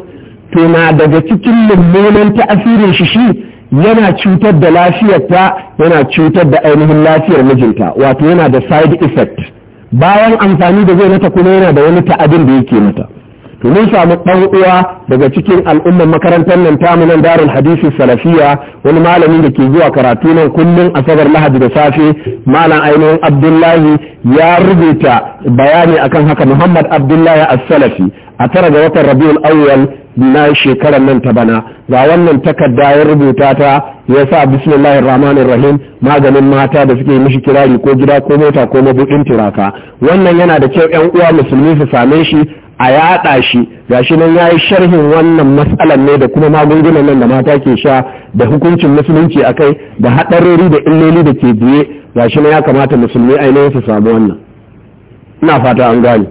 to na daga cikin mummunan ta asirin shi shi yana cutar da lafiyarta yana cutar da ainihin lafiyar mijinta wato yana da side effect bayan amfani da zai mata kuma yana da wani ta'adin da yake mata to mun samu ɗan uwa daga cikin al'ummar makarantar nan tamu nan darul hadisi salafiya wani malamin da ke zuwa karatu nan kullum asabar lahadi da safe malam ainihin abdullahi ya rubuta bayani akan haka muhammad abdullahi as-salafi a tara ga watan rabiul awwal na shekarar nan ta bana ga wannan takarda ya rubuta ta ya sa bismillahir rahmanir rahim maganin mata da suke mishi kirari ko gida ko mota ko mabuɗin turaka wannan yana da kyau yan uwa musulmi su same shi a yaɗa shi gashi nan yayi sharhin wannan matsalar ne da kuma magungunan nan da mata ke sha da hukuncin musulunci akai da haɗarori da illoli da ke biye gashi nan ya kamata musulmi ainihin su samu wannan ina fata an gane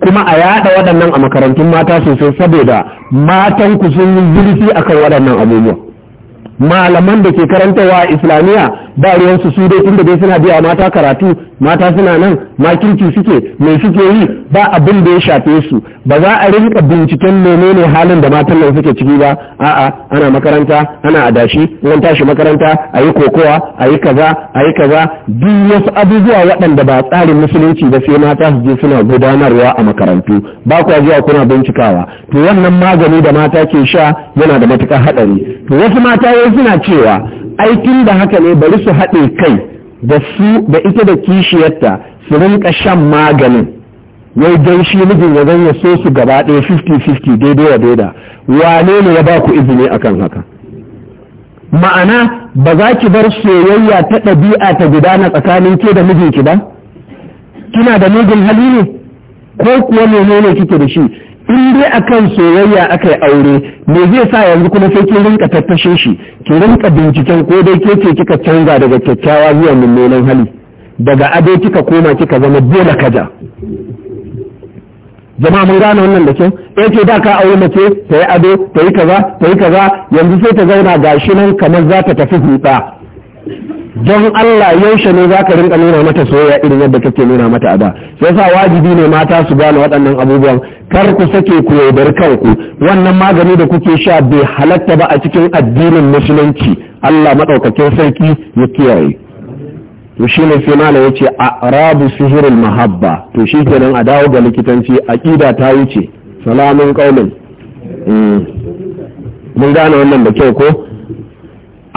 kuma a yaɗa waɗannan a makarantun mata sosai saboda matan ku sun yi zurfi akan waɗannan abubuwa malaman da ke karantarwa a islamiyya ba ruwansu su dai tunda dai suna biya mata karatu mata suna nan ma kirki suke mai suke yi ba abin da ya shafe su ba za a rinka binciken menene halin da matan nan suke ciki ba a'a ana makaranta ana adashi wani tashi makaranta a yi kokowa a yi kaza a yi kaza duk wasu abubuwa waɗanda ba tsarin musulunci ba sai mata su je suna gudanarwa a makarantu ba kwa zuwa kuna bincikawa to wannan magani da mata ke sha yana da matuƙar haɗari to wasu mata yau suna cewa aikin da haka ne bari su haɗe kai da su da ita da kishiyarta su rinka shan maganin yau don shi mijin ya zanya so su gaba ɗaya 50-50 daidai wa daida wane ne ya ba ku izini akan haka ma'ana ba za ki bar soyayya ta ɗabi'a ta gudana tsakanin ke da mijinki ba kina da mijin hali ne ko kuwa menene kike da shi in dai a kan soyayya aka yi aure me zai sa yanzu kuma sai kin rinka tattashe shi ki rinka binciken ko dai ke ce kika canza daga kyakkyawa zuwa mummunan hali daga ado kika koma kika zama dole kaja jama'a mun gane wannan da kyau ya eh, ce da ka aure mace ta yi ado ta yi kaza ta yi kaza yanzu sai ta zauna gashi nan kamar za ta tafi huɗa don Allah yaushe ne za ka rinka nuna mata soyayya irin yadda kake nuna mata a da sai sa wajibi ne mata su gane waɗannan abubuwan kar ku sake ku yaudar kanku wannan magani da kuke sha bai halatta ba a cikin addinin musulunci Allah maɗaukakin sarki ya kiyaye to shi ne sai malam ya ce a rabu sihirin mahabba to shi kenan a dawo ga likitanci aƙida ta wuce salamun ƙaunin. Hmm. mun gane wannan da kyau ko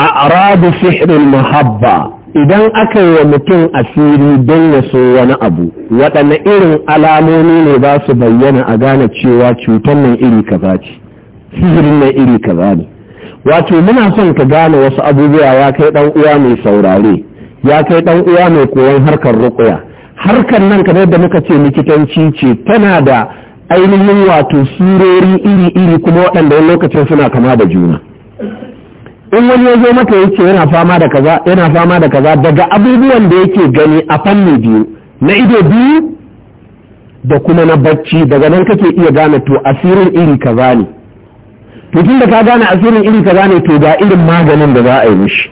a aradu sihirin mahabba idan aka yi wa mutum asiri don ya so wani abu waɗanne irin alamomi ne ba su bayyana a gane cewa cutar nan iri kaza ce sihirin nan iri kaza ne wato muna son ka gane wasu abubuwa ya kai ɗan uwa mai saurare ya kai ɗan uwa mai koyon harkar rukuya harkar nan kamar da muka ce likitanci ce tana da ainihin wato surori iri iri kuma waɗanda lokacin suna kama da juna in wani ya zo maka ya ce yana fama da kaza yana fama da kaza daga abubuwan da yake gani a fanni biyu na ido biyu da kuma na bacci daga nan kake iya gane to asirin iri kaza ne to tun da ka gane asirin iri kaza ne to ga irin maganin da za a yi mishi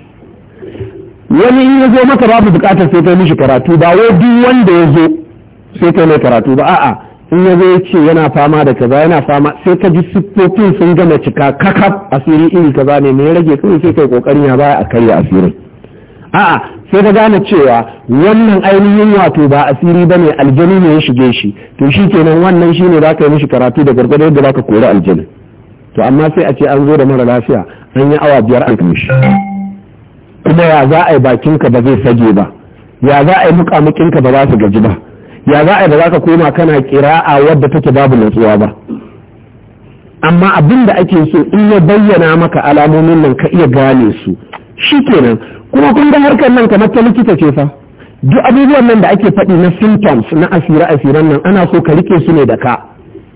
wani in ya zo maka babu bukatar sai ta mishi karatu ba wai duk wanda ya zo sai ta mai karatu ba a'a in ya ya ce yana fama da kaza yana fama sai ka ji siffofin sun gama cika kakaf asiri iri kaza ne me rage kuma sai kai kokarin ya baya a karya asirin a'a sai ka gane cewa wannan ainihin wato ba asiri ba ne aljanu ne ya shige shi to shi kenan wannan shine ne za ka yi mishi karatu da gargado yadda za ka kori aljani to amma sai a ce an zo da mara lafiya an yi awa biyar an shi kuma ya za a yi bakinka ba zai sage ba ya za a yi mukamukinka ba za su gaji ba ya za a ba za ka koma kana kira a wadda take babu nutsuwa ba amma abin da ake so in ya bayyana maka alamomin nan ka iya gane su shi kenan kuma kun ga harkar nan kamar ta likita ce fa duk abubuwan nan da ake faɗi na symptoms na asira asiran nan ana so ka rike su ne da ka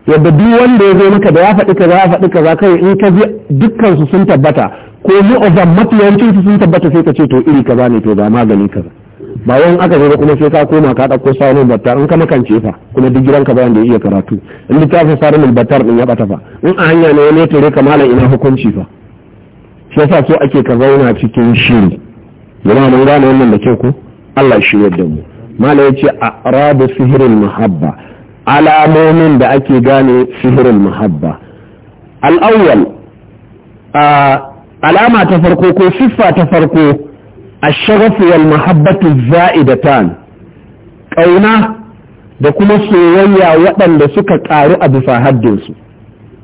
yadda duk wanda ya zo maka da ya faɗi kaza ya faɗi kaza kai in ka ji dukkan su sun tabbata ko mu'azzam mafi yawancin su sun tabbata sai ka ce to iri kaza ne to ba magani kaza ba wani aka zo kuma sai ka koma ka ɗauko sanin battar in ka makance fa kuma duk ka bayan da ya iya karatu in littafin sanin battar din ya bata fa in a hanya ne wani ya ka malam ina hukunci fa shi yasa so ake ka zauna cikin shiri yana mun gane wannan da kyau ko Allah shi yadda mu malam yace rabu sihirin mahabba alamomin da ake gane sihirin mahabba al-awwal alama ta farko ko siffa ta farko الشغف والمحبة الزائدتان قونا da kuma soyayya waɗanda suka ƙaru a bisa haddinsu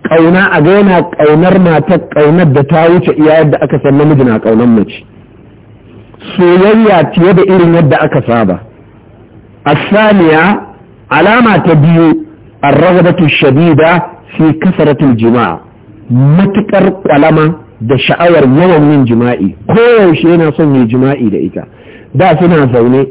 ƙauna a yana ƙaunar matar ƙaunar da ta wuce iya yadda aka san namiji na ƙaunar mace soyayya fiye da irin yadda aka saba Saniya, alama ta biyu arrabatu shadida fi kasaratul jima'a matuƙar ƙwalama da sha'awar yawan yin jima'i koyaushe yana son yi jima'i da ita da suna zaune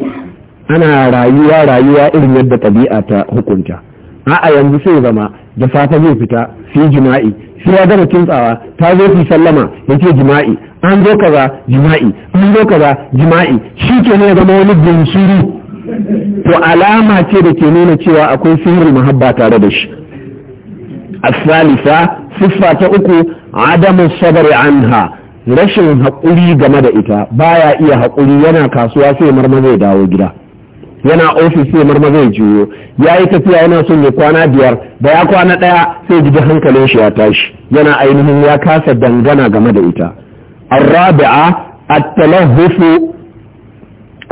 ana rayuwa rayuwa irin yadda ɗabi'a ta hukunta a'a yanzu sai zama da safe zai fita sai jima'i sai ya gama kintsawa ta zo fi sallama ya ce jima'i an zo kaza jima'i an zo kaza jima'i shi ke ne zama wani binsuru to alama ce da ke nuna cewa akwai sirri mahabba tare da shi asalisa siffa ta uku adamu sabari anha rashin haƙuri game da ita baya iya haƙuri yana kasuwa sai marma zai dawo gida yana ofis sai marma zai juyo ya yi tafiya yana son ya kwana biyar da ya kwana ɗaya sai ji hankalin shi ya tashi yana ainihin ya kasa dangana game da ita arrabi'a at-talahhufu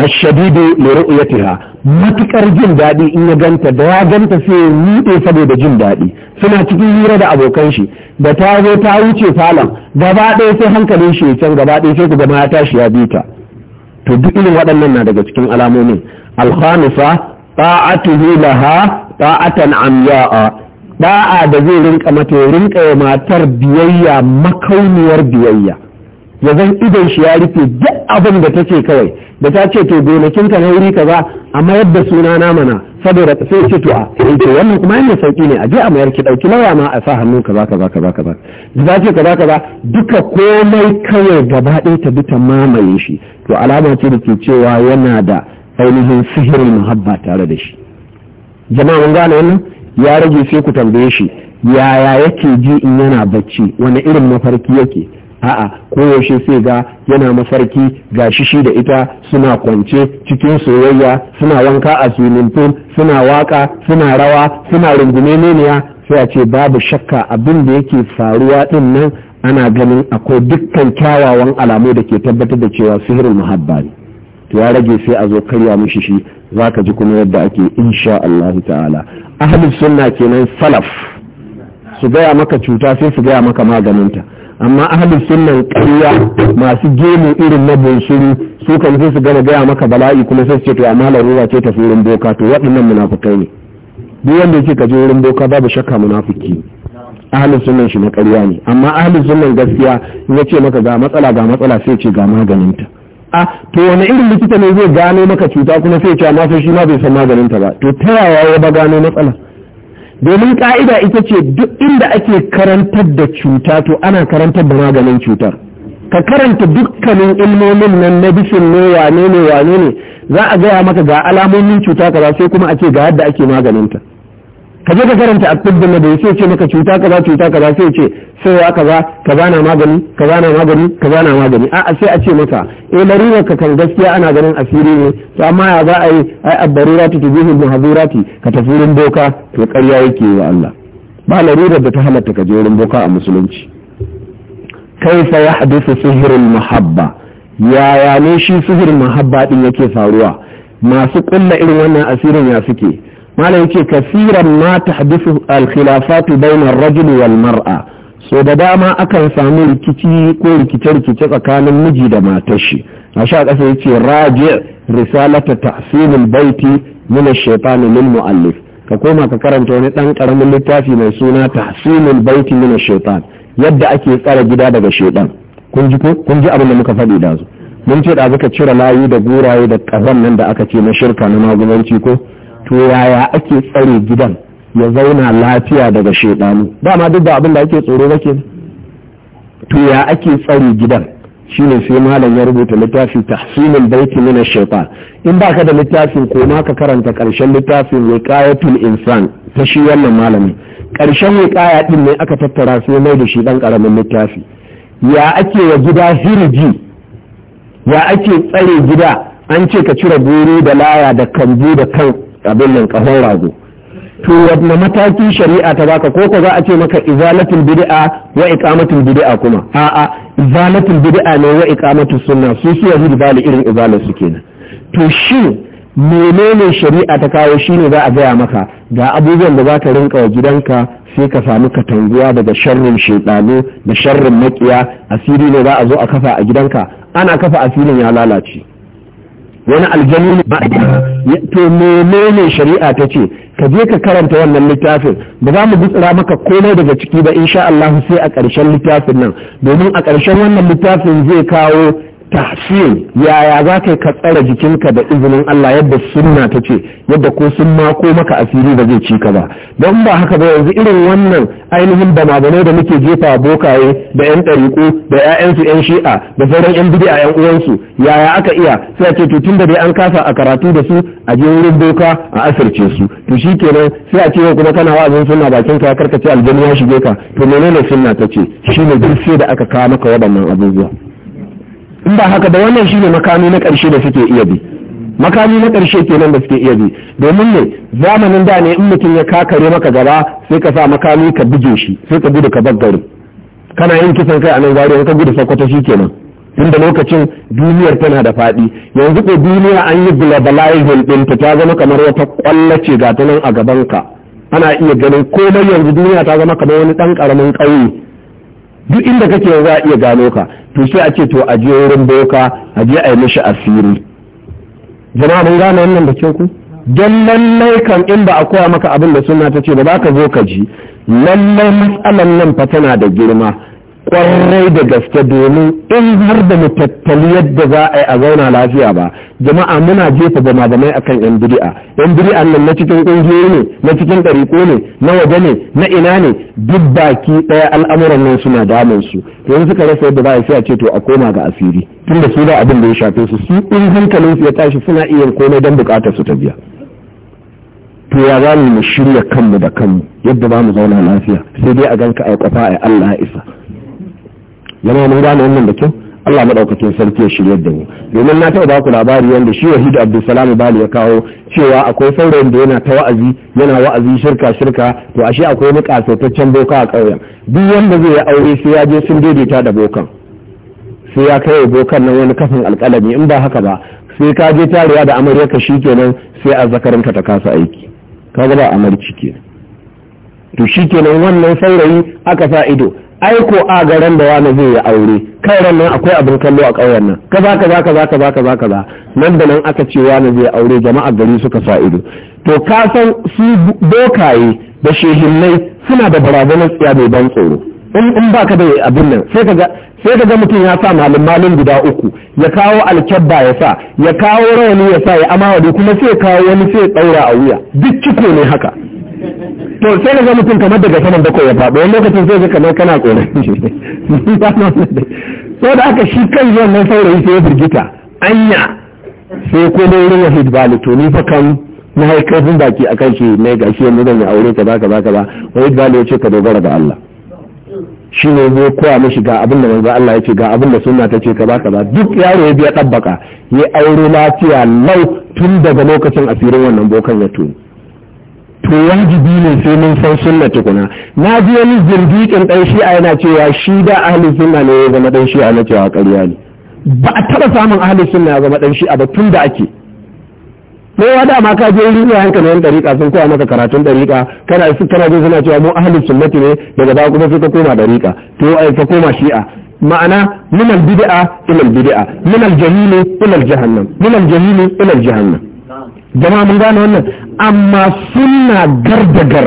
ashadidu li ru'yatiha matukar jin daɗi in ya ganta da ya ganta sai ya nuɗe saboda jin daɗi suna cikin hira da abokan shi da ta zo ta wuce falon gaba ɗaya sai hankalin shi can gaba ɗaya sai ku gama ya tashi ya bi to duk irin waɗannan na daga cikin alamomin alhamisa ta'atuhu laha ta'atan amya'a da'a da zai rinka mata ya matar biyayya makauniyar biyayya ya zan idan shi ya rufe duk abin da take kawai da ta ce to gonakin ka na wuri kaza amma yadda suna na mana saboda sai ce to a ce wannan kuma yana sauki ne a je a mayar ki dauki lawa ma a sa hannu kaza kaza kaza kaza ka ce kaza kaza duka komai kawai gaba ɗaya ta bi mamaye shi to alama ce da ke cewa yana da ainihin sihirin muhabba tare da shi jama'a mun gane wannan ya rage sai ku tambaye shi yaya yake ji in yana bacci wani irin mafarki yake a'a koyaushe sai ga yana masarki, ga shi da ita suna kwance cikin soyayya suna wanka a swimming pool suna waka suna rawa suna rungume meniya sai a ce babu shakka abin da yake faruwa din nan ana ganin akwai dukkan kyawawan alamu da ke tabbatar da cewa sihirin muhabba ne to ya rage sai a zo karya mishi shi zaka ji kuma yadda ake insha Allah ta'ala ahlus sunna kenan salaf su gaya maka cuta sai su gaya maka maganinta amma ahalin sunan karya masu gemu irin na bunsuru su kan sai su gama gaya maka bala'i kuma sai su ce to amma larura ce ta wurin boka to waɗannan munafukai ne duk wanda yake ji wurin boka babu shakka munafuki ahalin sunan shi na kariya ne amma ahalin sunan gaskiya ya ce maka ga matsala ga matsala sai ce ga maganinta a to wani irin likita ne zai gano maka cuta kuma sai ce amma sai shi ma bai san maganinta ba to ta yaya ya ba gano matsala domin ka'ida ita ce duk inda ake karantar da cuta to ana karantar da maganin cutar ka karanta dukkanin ilmomin nan na bishin ne wane ne wane ne za a gaya maka ga alamomin cuta kaza sai kuma a ce ga yadda ake maganinta ka je ka karanta akidin da bai sai ce maka cuta kaza cuta kaza sai ce sai kaza kaza na magani kaza na magani kaza na magani a'a sai a ce maka eh larura ka kan gaskiya ana ganin asiri ne to amma ya za a yi ai abbarurati tubihu muhadurati ka tafi wurin boka to ƙarya yake wa Allah ba larurar da ta halatta ka je wurin boka a musulunci kaifa yahdathu sihrul mahabba yaya ne shi sihirin mahabba din yake faruwa masu kulla irin wannan asirin ya suke malam yake kafiran ma tahdisu al-khilafatu bayna wal mar'a so da dama akan samu rikici ko rikice-rikice tsakanin miji da matar shi a sha ƙasa yace raji risalata tahsinul baiti min ash-shaytan lil mu'allif ka koma ka karanta wani dan karamin littafi mai suna tahsinul baiti min ash-shaytan yadda ake tsara gida daga shaytan kun ji kun ji abin da muka faɗi da mun ce da aka cire layu da guraye da kazan nan da aka ce na shirka na magudanci ko to yaya ake tsare gidan ya zauna lafiya daga shaidanu dama duk da abin ake tsoro ke? to ya ake tsare gidan shine sai malam ya rubuta littafi tahsinul baiti min ash-shaytan in baka da littafin ko ma ka karanta karshen littafin wiqayatul insan ta shi wannan malami karshen wiqaya din ne aka tattara sai mai da shi dan karamin littafi ya ake wa gida hirji ya ake tsare gida an ce ka cire goro da laya da kambu da kan abin nan kafan rago to wanne mataki shari'a ta baka ko ko za a ce maka izalatul bid'a wa iqamatul bid'a kuma a'a izalatul bid'a ne wa iqamatus sunna su su yanzu da irin izalar su kenan to shi menene shari'a ta kawo shine za a gaya maka ga abubuwan da za ka rinka wa gidanka sai ka samu katanguwa daga sharrin shaidanu da sharrin maƙiya? asiri ne za a zo a kafa a gidanka ana kafa asirin ya lalace wani aljanu ba to menene shari'a ta ce ka je ka karanta wannan littafin ba za mu gutsura maka komai daga ciki ba insha Allah sai a ƙarshen littafin nan domin a ƙarshen wannan littafin zai kawo tahsin yaya za ka ka tsara jikinka da izinin Allah yadda sunna ta ce yadda ko sun mako maka asiri ba zai ci ka ba don ba haka ba yanzu irin wannan ainihin da da muke jefa bokaye da yan ɗariƙo da 'ya'yansu yan shi'a da sauran yan a yan uwansu yaya aka iya sai ce to da dai an kasa a karatu da su a je wurin doka a asirce su to shi kenan, sai a ce kuma kana wa'azin sunna bakin ka karkace aljanna ya shige ka to menene sunna ta ce shine duk sai da aka kawo maka waɗannan abubuwa in ba haka da wannan shine makami na ƙarshe da suke iya bi makami na ƙarshe kenan da suke iya bi domin ne zamanin da ne in mutum ya kakare maka gaba sai ka sa makami ka buge shi sai ka gudu ka baggari kana yin kisan kai a nan gari ka gudu sakwato shi kenan tunda lokacin duniyar tana da faɗi yanzu ko duniya an yi globalizing din ta zama kamar wata ƙwallace ga ta nan a gaban ka ana iya ganin komai yanzu duniya ta zama kamar wani ɗan ƙaramin ƙauye duk inda kake za a iya gano ka to sai a ce to a je wurin boka a je a yi mishi asiri jama'a mun gane wannan da kyau ku don lallai kan in ba a koya maka abin da suna ta ce ba za ka zo ka ji lallai matsalan nan fa tana da girma kwarai da gaske domin in har da mu tattali yadda za a yi a zauna lafiya ba jama'a muna jefa da mai akan yan bid'a yan biri'a nan na cikin kungiyoyi ne na cikin ɗariƙo ne na waje ne na ina ne duk baki ɗaya al'amuran nan suna damun su yanzu suka rasa yadda za a ce to a koma ga asiri tunda su da abin da ya shafe su su in hankalin su ya tashi suna iya komai don bukatar su ta biya to ya za mu shirya kanmu da kanmu yadda ba mu zauna lafiya sai dai a ganka a kwafa a Allah ya isa zama mun gane wannan da kyau Allah madaukakin sarki ya shirye da mu domin na taɓa baku labari wanda shi Wahid Abdulsalam Bali ya kawo cewa akwai saurayin da yana ta wa'azi yana wa'azi shirka shirka to ashe akwai wani sautaccen boka a ƙauyen duk wanda zai yi aure sai ya je sun daidaita da bokan sai ya kai bokan nan wani kafin alƙalami in ba haka ba sai ka je tarewa da amarya ka shikenan sai a ka ta kasa aiki kaga ba amarci kenan to shikenan wannan saurayi aka sa ido aiko a garin da wani zai yi aure kai ran nan akwai abin kallo a ƙauyen nan kaza kaza kaza kaza kaza kaza nan da nan aka ce wani zai aure jama'a gari suka sa ido to ka san su bokaye da shehinnai suna da barazanar tsiya mai ban tsoro in baka da abin nan sai kaga sai kaga mutum ya sa malin malin guda uku ya kawo alkyabba ya sa ya kawo rawani ya sa ya amawadi kuma sai kawo wani sai ya ɗaura a wuya duk ciko ne haka to sai ka ga mutum kamar daga saman bakwai ya faɗo wani lokacin sai ga kamar kana ƙorai so da aka shi kan zuwan nan saurayi sai ya firgita anya sai ko da wurin wahid bali to ni fa kan na haikarin baki a kan shi mai gashi yanzu zan yi aure kaza kaza wa wahid bali ya ce ka dogara ga Allah shi ne zai koya mashi ga abin da manzo Allah ya ce ga abin da sunna ta ce kaza ba duk yaro ya biya tabbaka ya aure lafiya lau tun daga lokacin asirin wannan bokan ya tuni to wajibi ne sai mun san sunna tukuna na ji wani zirgikin dan shi'a yana cewa shi da ahli sunna ne ya zama dan shi'a na cewa ƙarya ne ba a taba samun ahli sunna ya zama dan shi'a ba tun da ake kowa da ma ka je wurin yayan ka yan dariƙa sun koya maka karatun dariƙa kana su kana jin suna cewa mu ahli sunnati ne daga baya kuma sai ka koma dariƙa to ai ka koma shi'a ma'ana min al-bid'a ila al-bid'a min al-jahili ila al-jahannam min al-jahili ila al-jahannam jama'a mun gane wannan amma sunna gardagar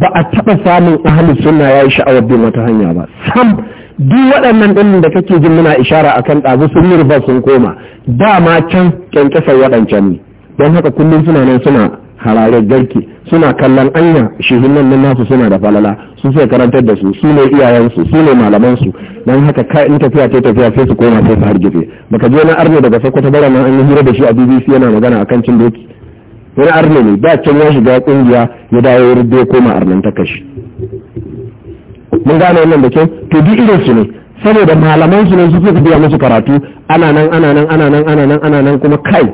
ba a taɓa samun ahalin sunna ya yi sha'awar bin wata hanya ba sam duk waɗannan ɗin da kake jin muna ishara akan ɗazu sun yi rubar sun koma dama can kyankyasar waɗancan ne don haka kullum suna nan suna harare garki suna kallon anya shirin nan nasu suna da falala su sai karantar da su su ne iyayensu su ne malamansu don haka kai in tafiya ta tafiya sai su koma sai su hargitse baka je na arne daga sokoto bara nan an yi hira da shi a bbc yana magana akan cin doki wani arna ne ba can ya shiga kungiya ya dawo ya koma arnan ta kashi mun gane wannan da kyau to duk irin su ne saboda malaman su ne su suka biya musu karatu ana nan ana nan ana nan ana nan ana nan kuma kai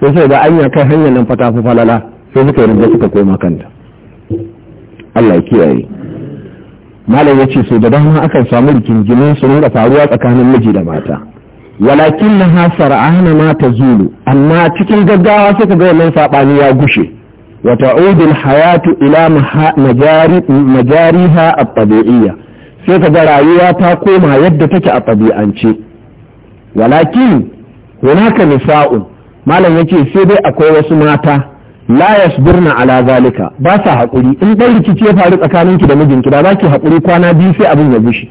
sai sai da anya kai hanyar nan fata falala sai suka yarda suka koma kanta Allah ya kiyaye malam ya ce so da dama akan samu rikin jinin su ringa faruwa tsakanin miji da mata walakin na hasara ahana ma ta zulu amma cikin gaggawa sai ka ga wannan saɓani ya gushe wa ta'udul hayatu ila majariha at-tabi'iyya sai ka ga rayuwa ta koma yadda take a tabi'ance walakin hunaka nisa'un malam yace sai dai akwai wasu mata la yasbirna ala zalika ba sa haƙuri in ɗan rikici ya faru tsakaninki da mijinki da zaki haƙuri kwana biyu sai abin ya gushi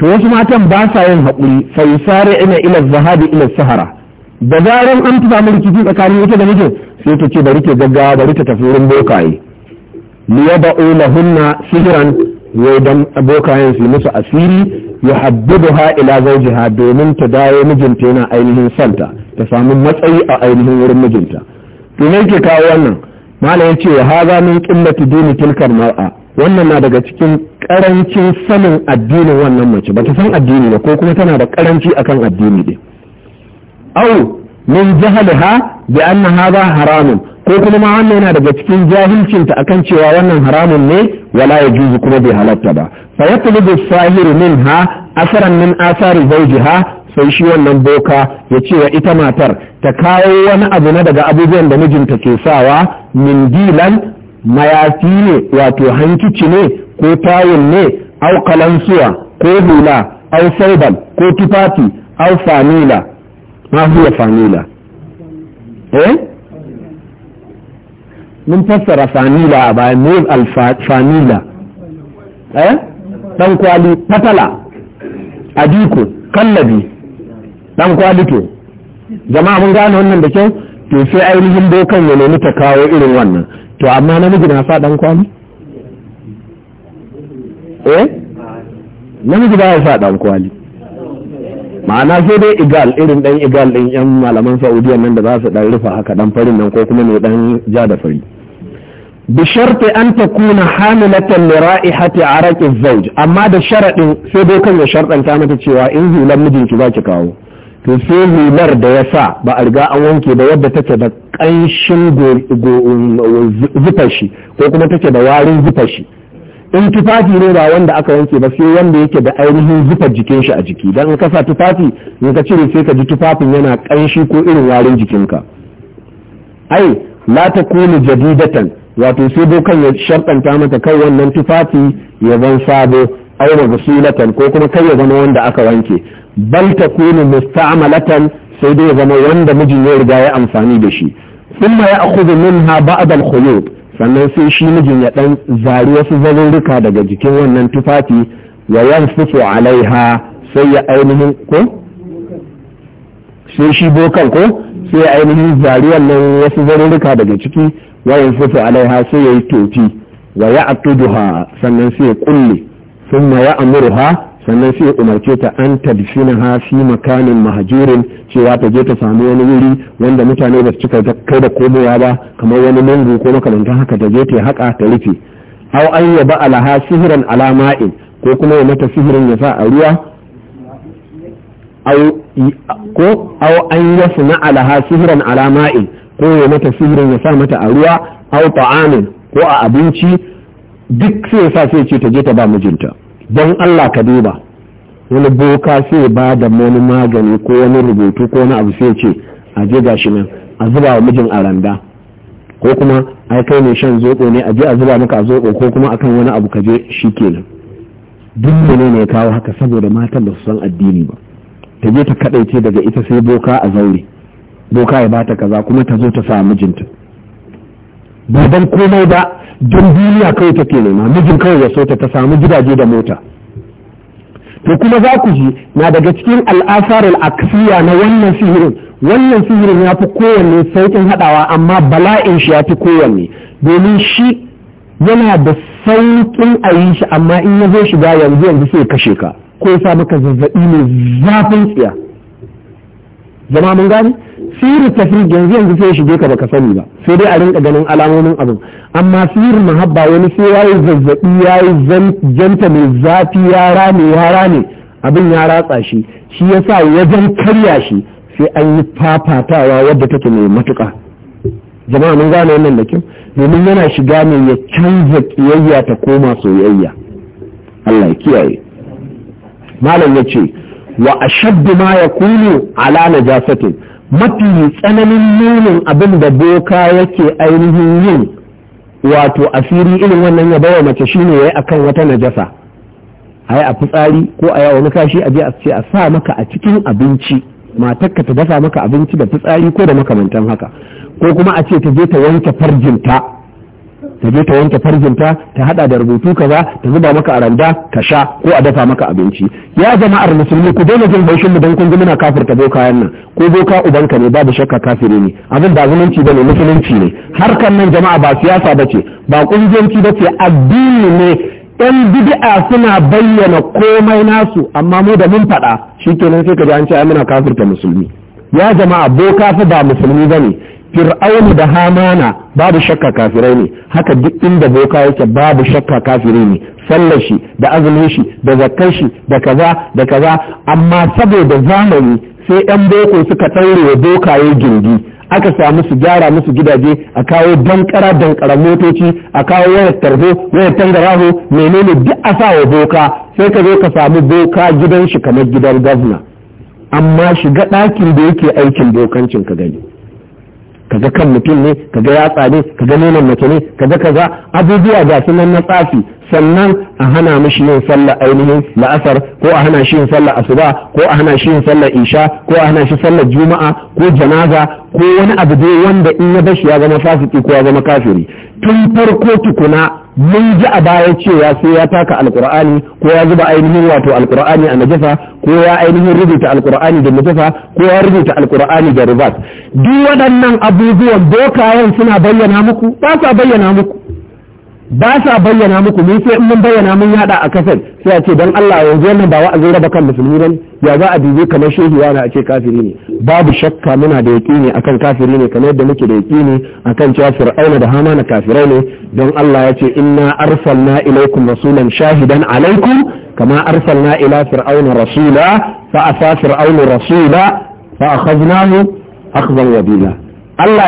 to wasu matan ba sa yin haƙuri sai sare ina ila zahabi ila sahara da zaran an tuba mu rikici tsakanin ita da mijin sai ta ce bari ta gaggawa bari ta tafi wurin bokaye liyada'u lahunna sihran wai dan bokayen su musu asiri yuhabbibuha ila zawjiha domin ta dawo mijinta yana ainihin santa ta samu matsayi a ainihin wurin mijinta to me ke kawo wannan malam ya ce haza min qillati dini tilkar mar'a wannan na daga cikin karancin sanin addinin wannan mace ba ta san addini ba ko kuma tana da karanci akan addini ne au min jahalaha bi anna hadha haramun ko kuma ma wannan yana daga cikin jahilcinta akan cewa wannan haramun ne wala ya juzu kuma bai halatta ba fa yatlubu sahiru minha asaran min asari zawjiha sai shi wannan boka ya ce wa ita matar ta kawo wani abu na daga abubuwan da mijinta ke sawa min dilan mayafi ne wato hankici ne ko tayin ne au kalansuwa ko hula au saubal ko tufafi au fanila ma huwa fanila eh mun fassara fanila a bayan ne alfanila eh dan kwali fatala adiko kallabi dan kwali to jama'a mun gane wannan da kyau to sai ainihin dokan ya nemi ta kawo irin wannan to amma namiji na sa dan kwali eh namiji ba ya sa kwali ma'ana sai dai igal irin dan igal din yan malaman saudiya nan da za su dan rufa haka dan farin nan ko kuma ne dan ja da fari bi sharti an takuna hamilatan li ra'ihati araqi zawj amma da sharadin sai dai kan ya shardanta mata cewa in hulan mijinki zaki kawo to sai hular da ya sa ba a riga an wanke ba wadda take da ƙanshin um, zufashi ko kuma take da warin zufashi in tufafi ne ba wanda aka wanke ba sai wanda yake da ainihin zufa jikin shi a jiki dan in ka tufafi in ka cire sai ka ji tufafin yana ƙanshi ko irin warin jikinka ai la takunu jadidatan wato sai dokan ya shartanta mata kai wannan tufafi ya zan sabo aure basilatan ko kuma kai ya zama wanda aka wanke bal takunu musta'malatan sai dai zama wanda mijin ya riga ya amfani da shi Sun thumma ya'khudhu minha ba'd al-khuyut sannan sai shi mijin ya dan zari wasu zalurruka daga jikin wannan tufafi wa yanfufu alaiha sai ya ainihin ko sai shi bokan ko sai ya ainihin zari wannan wasu zalurruka daga ciki wa yanfufu alaiha sai ya yi tofi wa ya ya'tuduha sannan sai ya kulle thumma ya'muruha sannan sai ya umarce ta an tadfina ha fi makanin mahajirin cewa ta je ta samu wani wuri wanda mutane ba su cika kai da komowa ba kamar wani mango ko makarantar haka ta je ta haka ta rufe aw an ba alaha sihiran alama'in ko kuma ya mata sihirin ya sa a ruwa ko aw an yasna alaha sihiran alama'in ko ya mata sihirin ya sa mata a ruwa aw ta'amin ko a abinci duk sai ya sa sai ce ta je ta ba mijinta don Allah ka duba wani boka sai ba da wani magani ko wani rubutu ko wani abu sai ce a je gashi nan a zuba wa mijin aranda ko kuma ai kai ne shan zoko ne a je a zuba maka a zoko ko kuma akan wani abu ka je shi nan. duk mene ne kawo haka saboda matan ba su san addini ba ta je ta kadaice daga ita sai boka a zaure boka ya bata kaza kuma ta zo ta sa mijinta ba dan komai ba don duniya kawai take nema mijin kawai ya so ta ta samu gidaje da mota to kuma za ku ji na daga cikin al'asar aksiya na wannan sihirin wannan sihirin ya fi kowanne saukin haɗawa amma bala'in shi ya fi kowanne domin shi yana da saukin a yi shi amma in ya zo shiga yanzu yanzu sai kashe ka ko ya sa maka zazzaɓi mai zafin tsiya zama mun gani sirri tafrij yanzu yanzu sai shige ka baka sani ba sai dai a rinka ganin alamomin abin amma sirrin mahabba wani sai yayi zazzabi yayi janta mai zafi ya rame ya rame abin ya ratsa shi shi yasa wajen karya shi sai an yi fafatawa wadda take mai matuƙa jama'a mun gane wannan da kyau domin yana shiga ne ya canza kiyayya ta koma soyayya Allah ya kiyaye malam ya ce wa ashaddu ma yakunu ala najasatin mafi tsananin nunin abin da boka yake ainihin yin wato asiri irin wannan ya bawa mace shine a kan wata najasa a yi a fitsari ko a yawa kashi a je a ce a sa maka a cikin abinci matarka ta dafa maka abinci da fitsari ko da makamantan haka ko kuma a ce ta je ta wanke farjinta ta je ta wanke farjinta ta hada da rubutu kaza ta zuba maka aranda ka sha ko a dafa maka abinci ya jama'ar musulmi ku daina jin haushin mu dan kun ji muna kafirta bokayen nan ko boka ubanka ne babu shakka kafiri ne abin ba zumunci bane musulunci ne harkan nan jama'a ba siyasa bace ba kungiyanci bace addini ne yan bid'a suna bayyana komai nasu amma mu da mun faɗa shikenan sai ka ji an ce ai muna kafirta musulmi ya jama'a boka fa ba musulmi bane fir'aunu da hamana babu shakka kafirai ne haka duk inda boka yake babu shakka kafirai ne sallar shi da azumin shi da zakkar shi da kaza da kaza amma saboda zamani sai yan boko suka ɗaure wa bokaye gindi aka samu su gyara musu gidaje a kawo dankara dankara motoci a kawo wayar tarho wayar tangaraho menene duk a sa wa boka sai ka zo ka samu boka gidan shi kamar gidan gwamna amma shiga ɗakin da yake aikin bokancin ka gani kaga kan mutum ne kaga yatsa ne kaga nonon mace ne kaga kaza abubuwa ga sunan na tsafi sannan a hana mishi yin sallar ainihin la'asar ko a hana shi yin sallar asuba ko a hana shi yin sallar isha ko a hana shi sallar juma'a ko janaza ko wani abu dai wanda in ya bashi ya zama fasiki ko ya zama kafiri tun farko tukuna mun ji a baya cewa sai ya taka alkur'ani ko ya zuba ainihin wato alkur'ani a najasa ko ya ainihin rubuta alkur'ani da najasa ko ya rubuta alkur'ani da Ribas. duk waɗannan abubuwan bokayen suna bayyana muku ba sa bayyana muku ba sa bayyana muku mun sai in mun bayyana mun yada a kasar sai a ce dan Allah yanzu wannan ba wa'azin raba kan musulmi bane ya za a dube kamar shehi wani a ce kafiri ne babu shakka muna da yaqini akan kafiri ne kamar yadda muke da yaqini akan cewa fir'auna da hamana kafirai ne don Allah ya ce inna arsalna ilaikum rasulan shahidan alaikum kama arsalna ila fir'auna rasula fa asa fir'auna rasula fa akhadnahu akhzan wabila Allah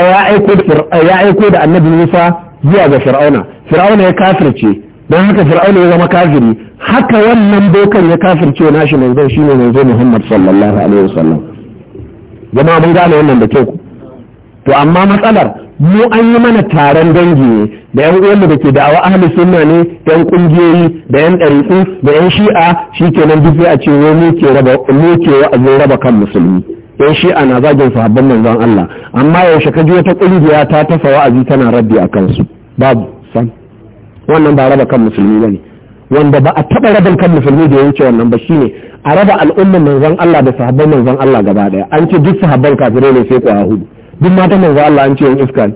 ya aiko da annabi Musa zuwa ga fir'auna fir'auna ya kafirce don haka fir'auna ya zama kafiri haka wannan bokan ya kafirce na nashi manzon shine manzo Muhammad sallallahu alaihi wasallam jama'a mun gane wannan da kyau to amma matsalar mu an yi mana taron dangi ne da yan uwanmu da ke da'awa ahli sunna ne yan kungiyoyi da yan ɗariƙu da yan shi'a shi kenan duk sai a ce wai mu ke raba raba kan musulmi yan shi ana zagin sahabban manzon Allah amma yaushe ka ji wata kungiya ta tafa wa'azi tana raddi a kansu babu san wannan ba raba kan musulmi bane wanda ba a taba rabin kan musulmi da ya wuce wannan ba shine a raba al'ummar manzon Allah da sahabban manzon Allah gaba daya an ce duk sahabban kafire ne sai ku hudu duk matan manzon Allah an ce yan iska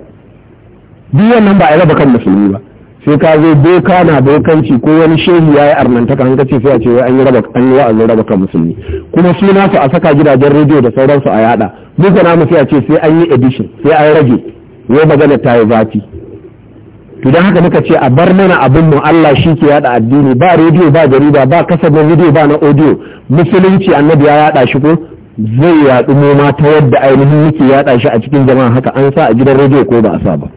duk wannan ba a raba kan musulmi ba sai ka zo doka na dokanci ko wani shehu yi arnantaka an kace sai a ce an yi raba an yi wa'azin raba kan musulmi kuma na su a saka gidajen rediyo da sauransu a yada duka namu sai a ce sai an yi edition sai an rage wai magana ta yi zafi to don haka muka ce a bar mana abin mu Allah shi ke yada addini ba rediyo ba jarida ba kasa kasafin rediyo ba na audio musulunci annabi ya yada shi ko zai yaɗu ma ta yadda ainihin muke yada shi a cikin jama'a haka an sa a gidan rediyo ko ba a sa ba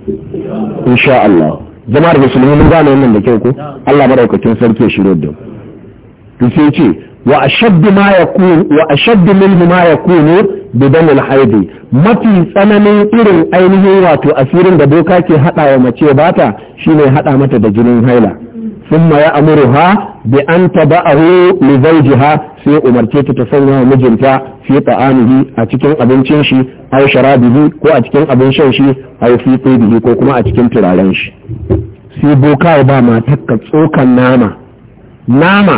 insha Allah jama'ar musulmi mun gane wannan da kyau ko Allah madaukakin sarki ya shiro da to sai ce wa ashadd ma yakun wa ashadd minhu ma mafi tsananin irin ainihin wato asirin da doka ke hada wa mace bata shine hada mata da jinin haila thumma ya'muruha bi an tabahu li zawjiha sai umarce ta ta sanya wa mijinta fi ta'amihi a cikin abincin shi aw sharabihi ko a cikin abin shan shi aw fi tsibihi ko kuma a cikin turaren shi sai boka ba matakka tsokan nama nama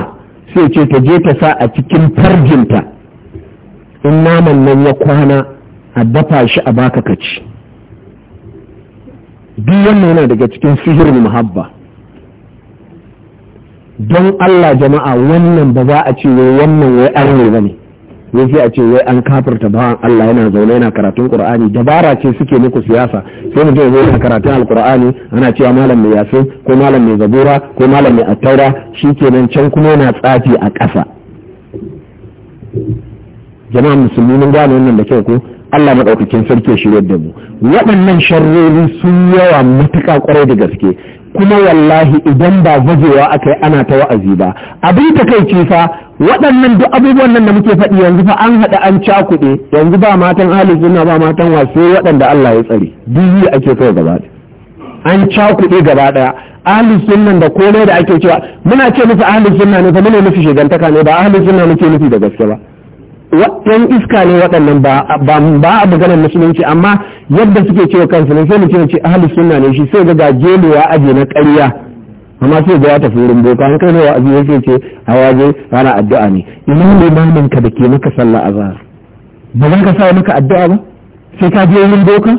sai ce ta je ta sa a cikin farjinta in naman nan ya kwana a dafa shi a baka kaci duk wannan yana daga cikin sihirin muhabba don Allah jama'a wannan ba za a ce wai wannan wai an ne bane wai sai a ce wai an kafirta bawan Allah yana zaune yana karatun Qur'ani dabara ce suke muku siyasa sai mutum zai yana karatun Al-Qur'ani ana cewa malam mai yasin ko malam mai zabura ko malam mai attaura shikenan can kuma yana tsafi a ƙasa jama'a musulmi mun gane wannan da kyau ko Allah maɗaukakin sarki ya shirya da mu waɗannan sharrori sun yawa matuƙa ƙwarai da gaske kuma wallahi idan ba zagewa aka yi ana ta wa'azi ba abin ta kai fa waɗannan duk abubuwan nan da muke faɗi yanzu fa an haɗa an cakuɗe yanzu ba matan ahli sunna ba matan wasu waɗanda Allah ya tsare duk ake kai gaba an cakuɗe gaba ɗaya ahli sunnan da kone da ake cewa muna ce musu ahli sunna ne fa muna nufi shigantaka ne ba ahli sunna muke nufi da gaske ba waɗannan iska ne waɗannan ba a maganar musulunci amma yadda suke cewa kansu ne sai mu ce ahli sunna ne shi sai ga gelewa aje na ƙarya amma sai ga ya tafi wurin boka an kai wa azumi sai ce a waje rana addu'a ne ina ne mamin ka da ke maka sallah azhar ba za ka sa maka addu'a ba sai ka je wurin boka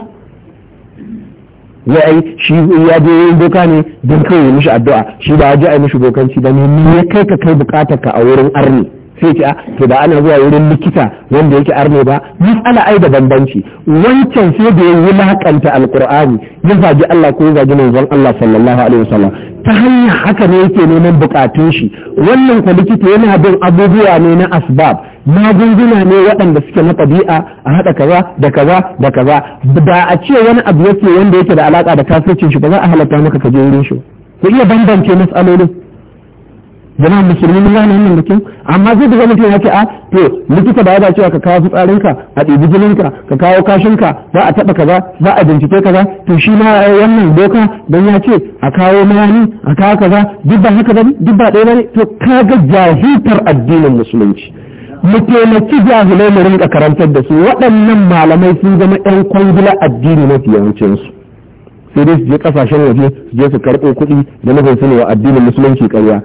ai shi ya je wurin boka ne don kai mishi addu'a shi ba a je a mishi bokanci ba ne me ya kai ka kai bukatarka a wurin arni sai ce to ba ana zuwa wurin likita wanda yake arne ba mas'ala ai da bambanci wancan sai da ya lakanta alqur'ani ya zagi Allah ko ya zagi manzon Allah sallallahu alaihi wasallam ta hanyar haka ne yake neman bukatun shi wannan ko likita yana bin abubuwa ne na asbab magunguna ne waɗanda suke na ɗabi'a a haɗa kaza da kaza da kaza da a ce wani abu yake wanda yake da alaka da kasuwancin shi ba za a halatta maka ka je wurin shi ku iya bambance mas'alolin jama'a musulmi mun gane wannan mutum amma zai da zama ya a ah, to likita ba ya cewa ka kawo fitsarinka a ɗibi jininka ka kawo kashinka za a taɓa kaza za a bincike kaza to shi ma wannan doka don ya ce a kawo mayani a kawo kaza duk ba haka bane duk ba ɗaya bane to kaga jahiltar addinin musulunci mu taimaki jahilai mu rinka karantar da su waɗannan malamai sun zama 'yan kwangila addini mafi yawancinsu sai dai su je ƙasashen waje su je su karɓo kuɗi da nufin su ne wa addinin musulunci karya.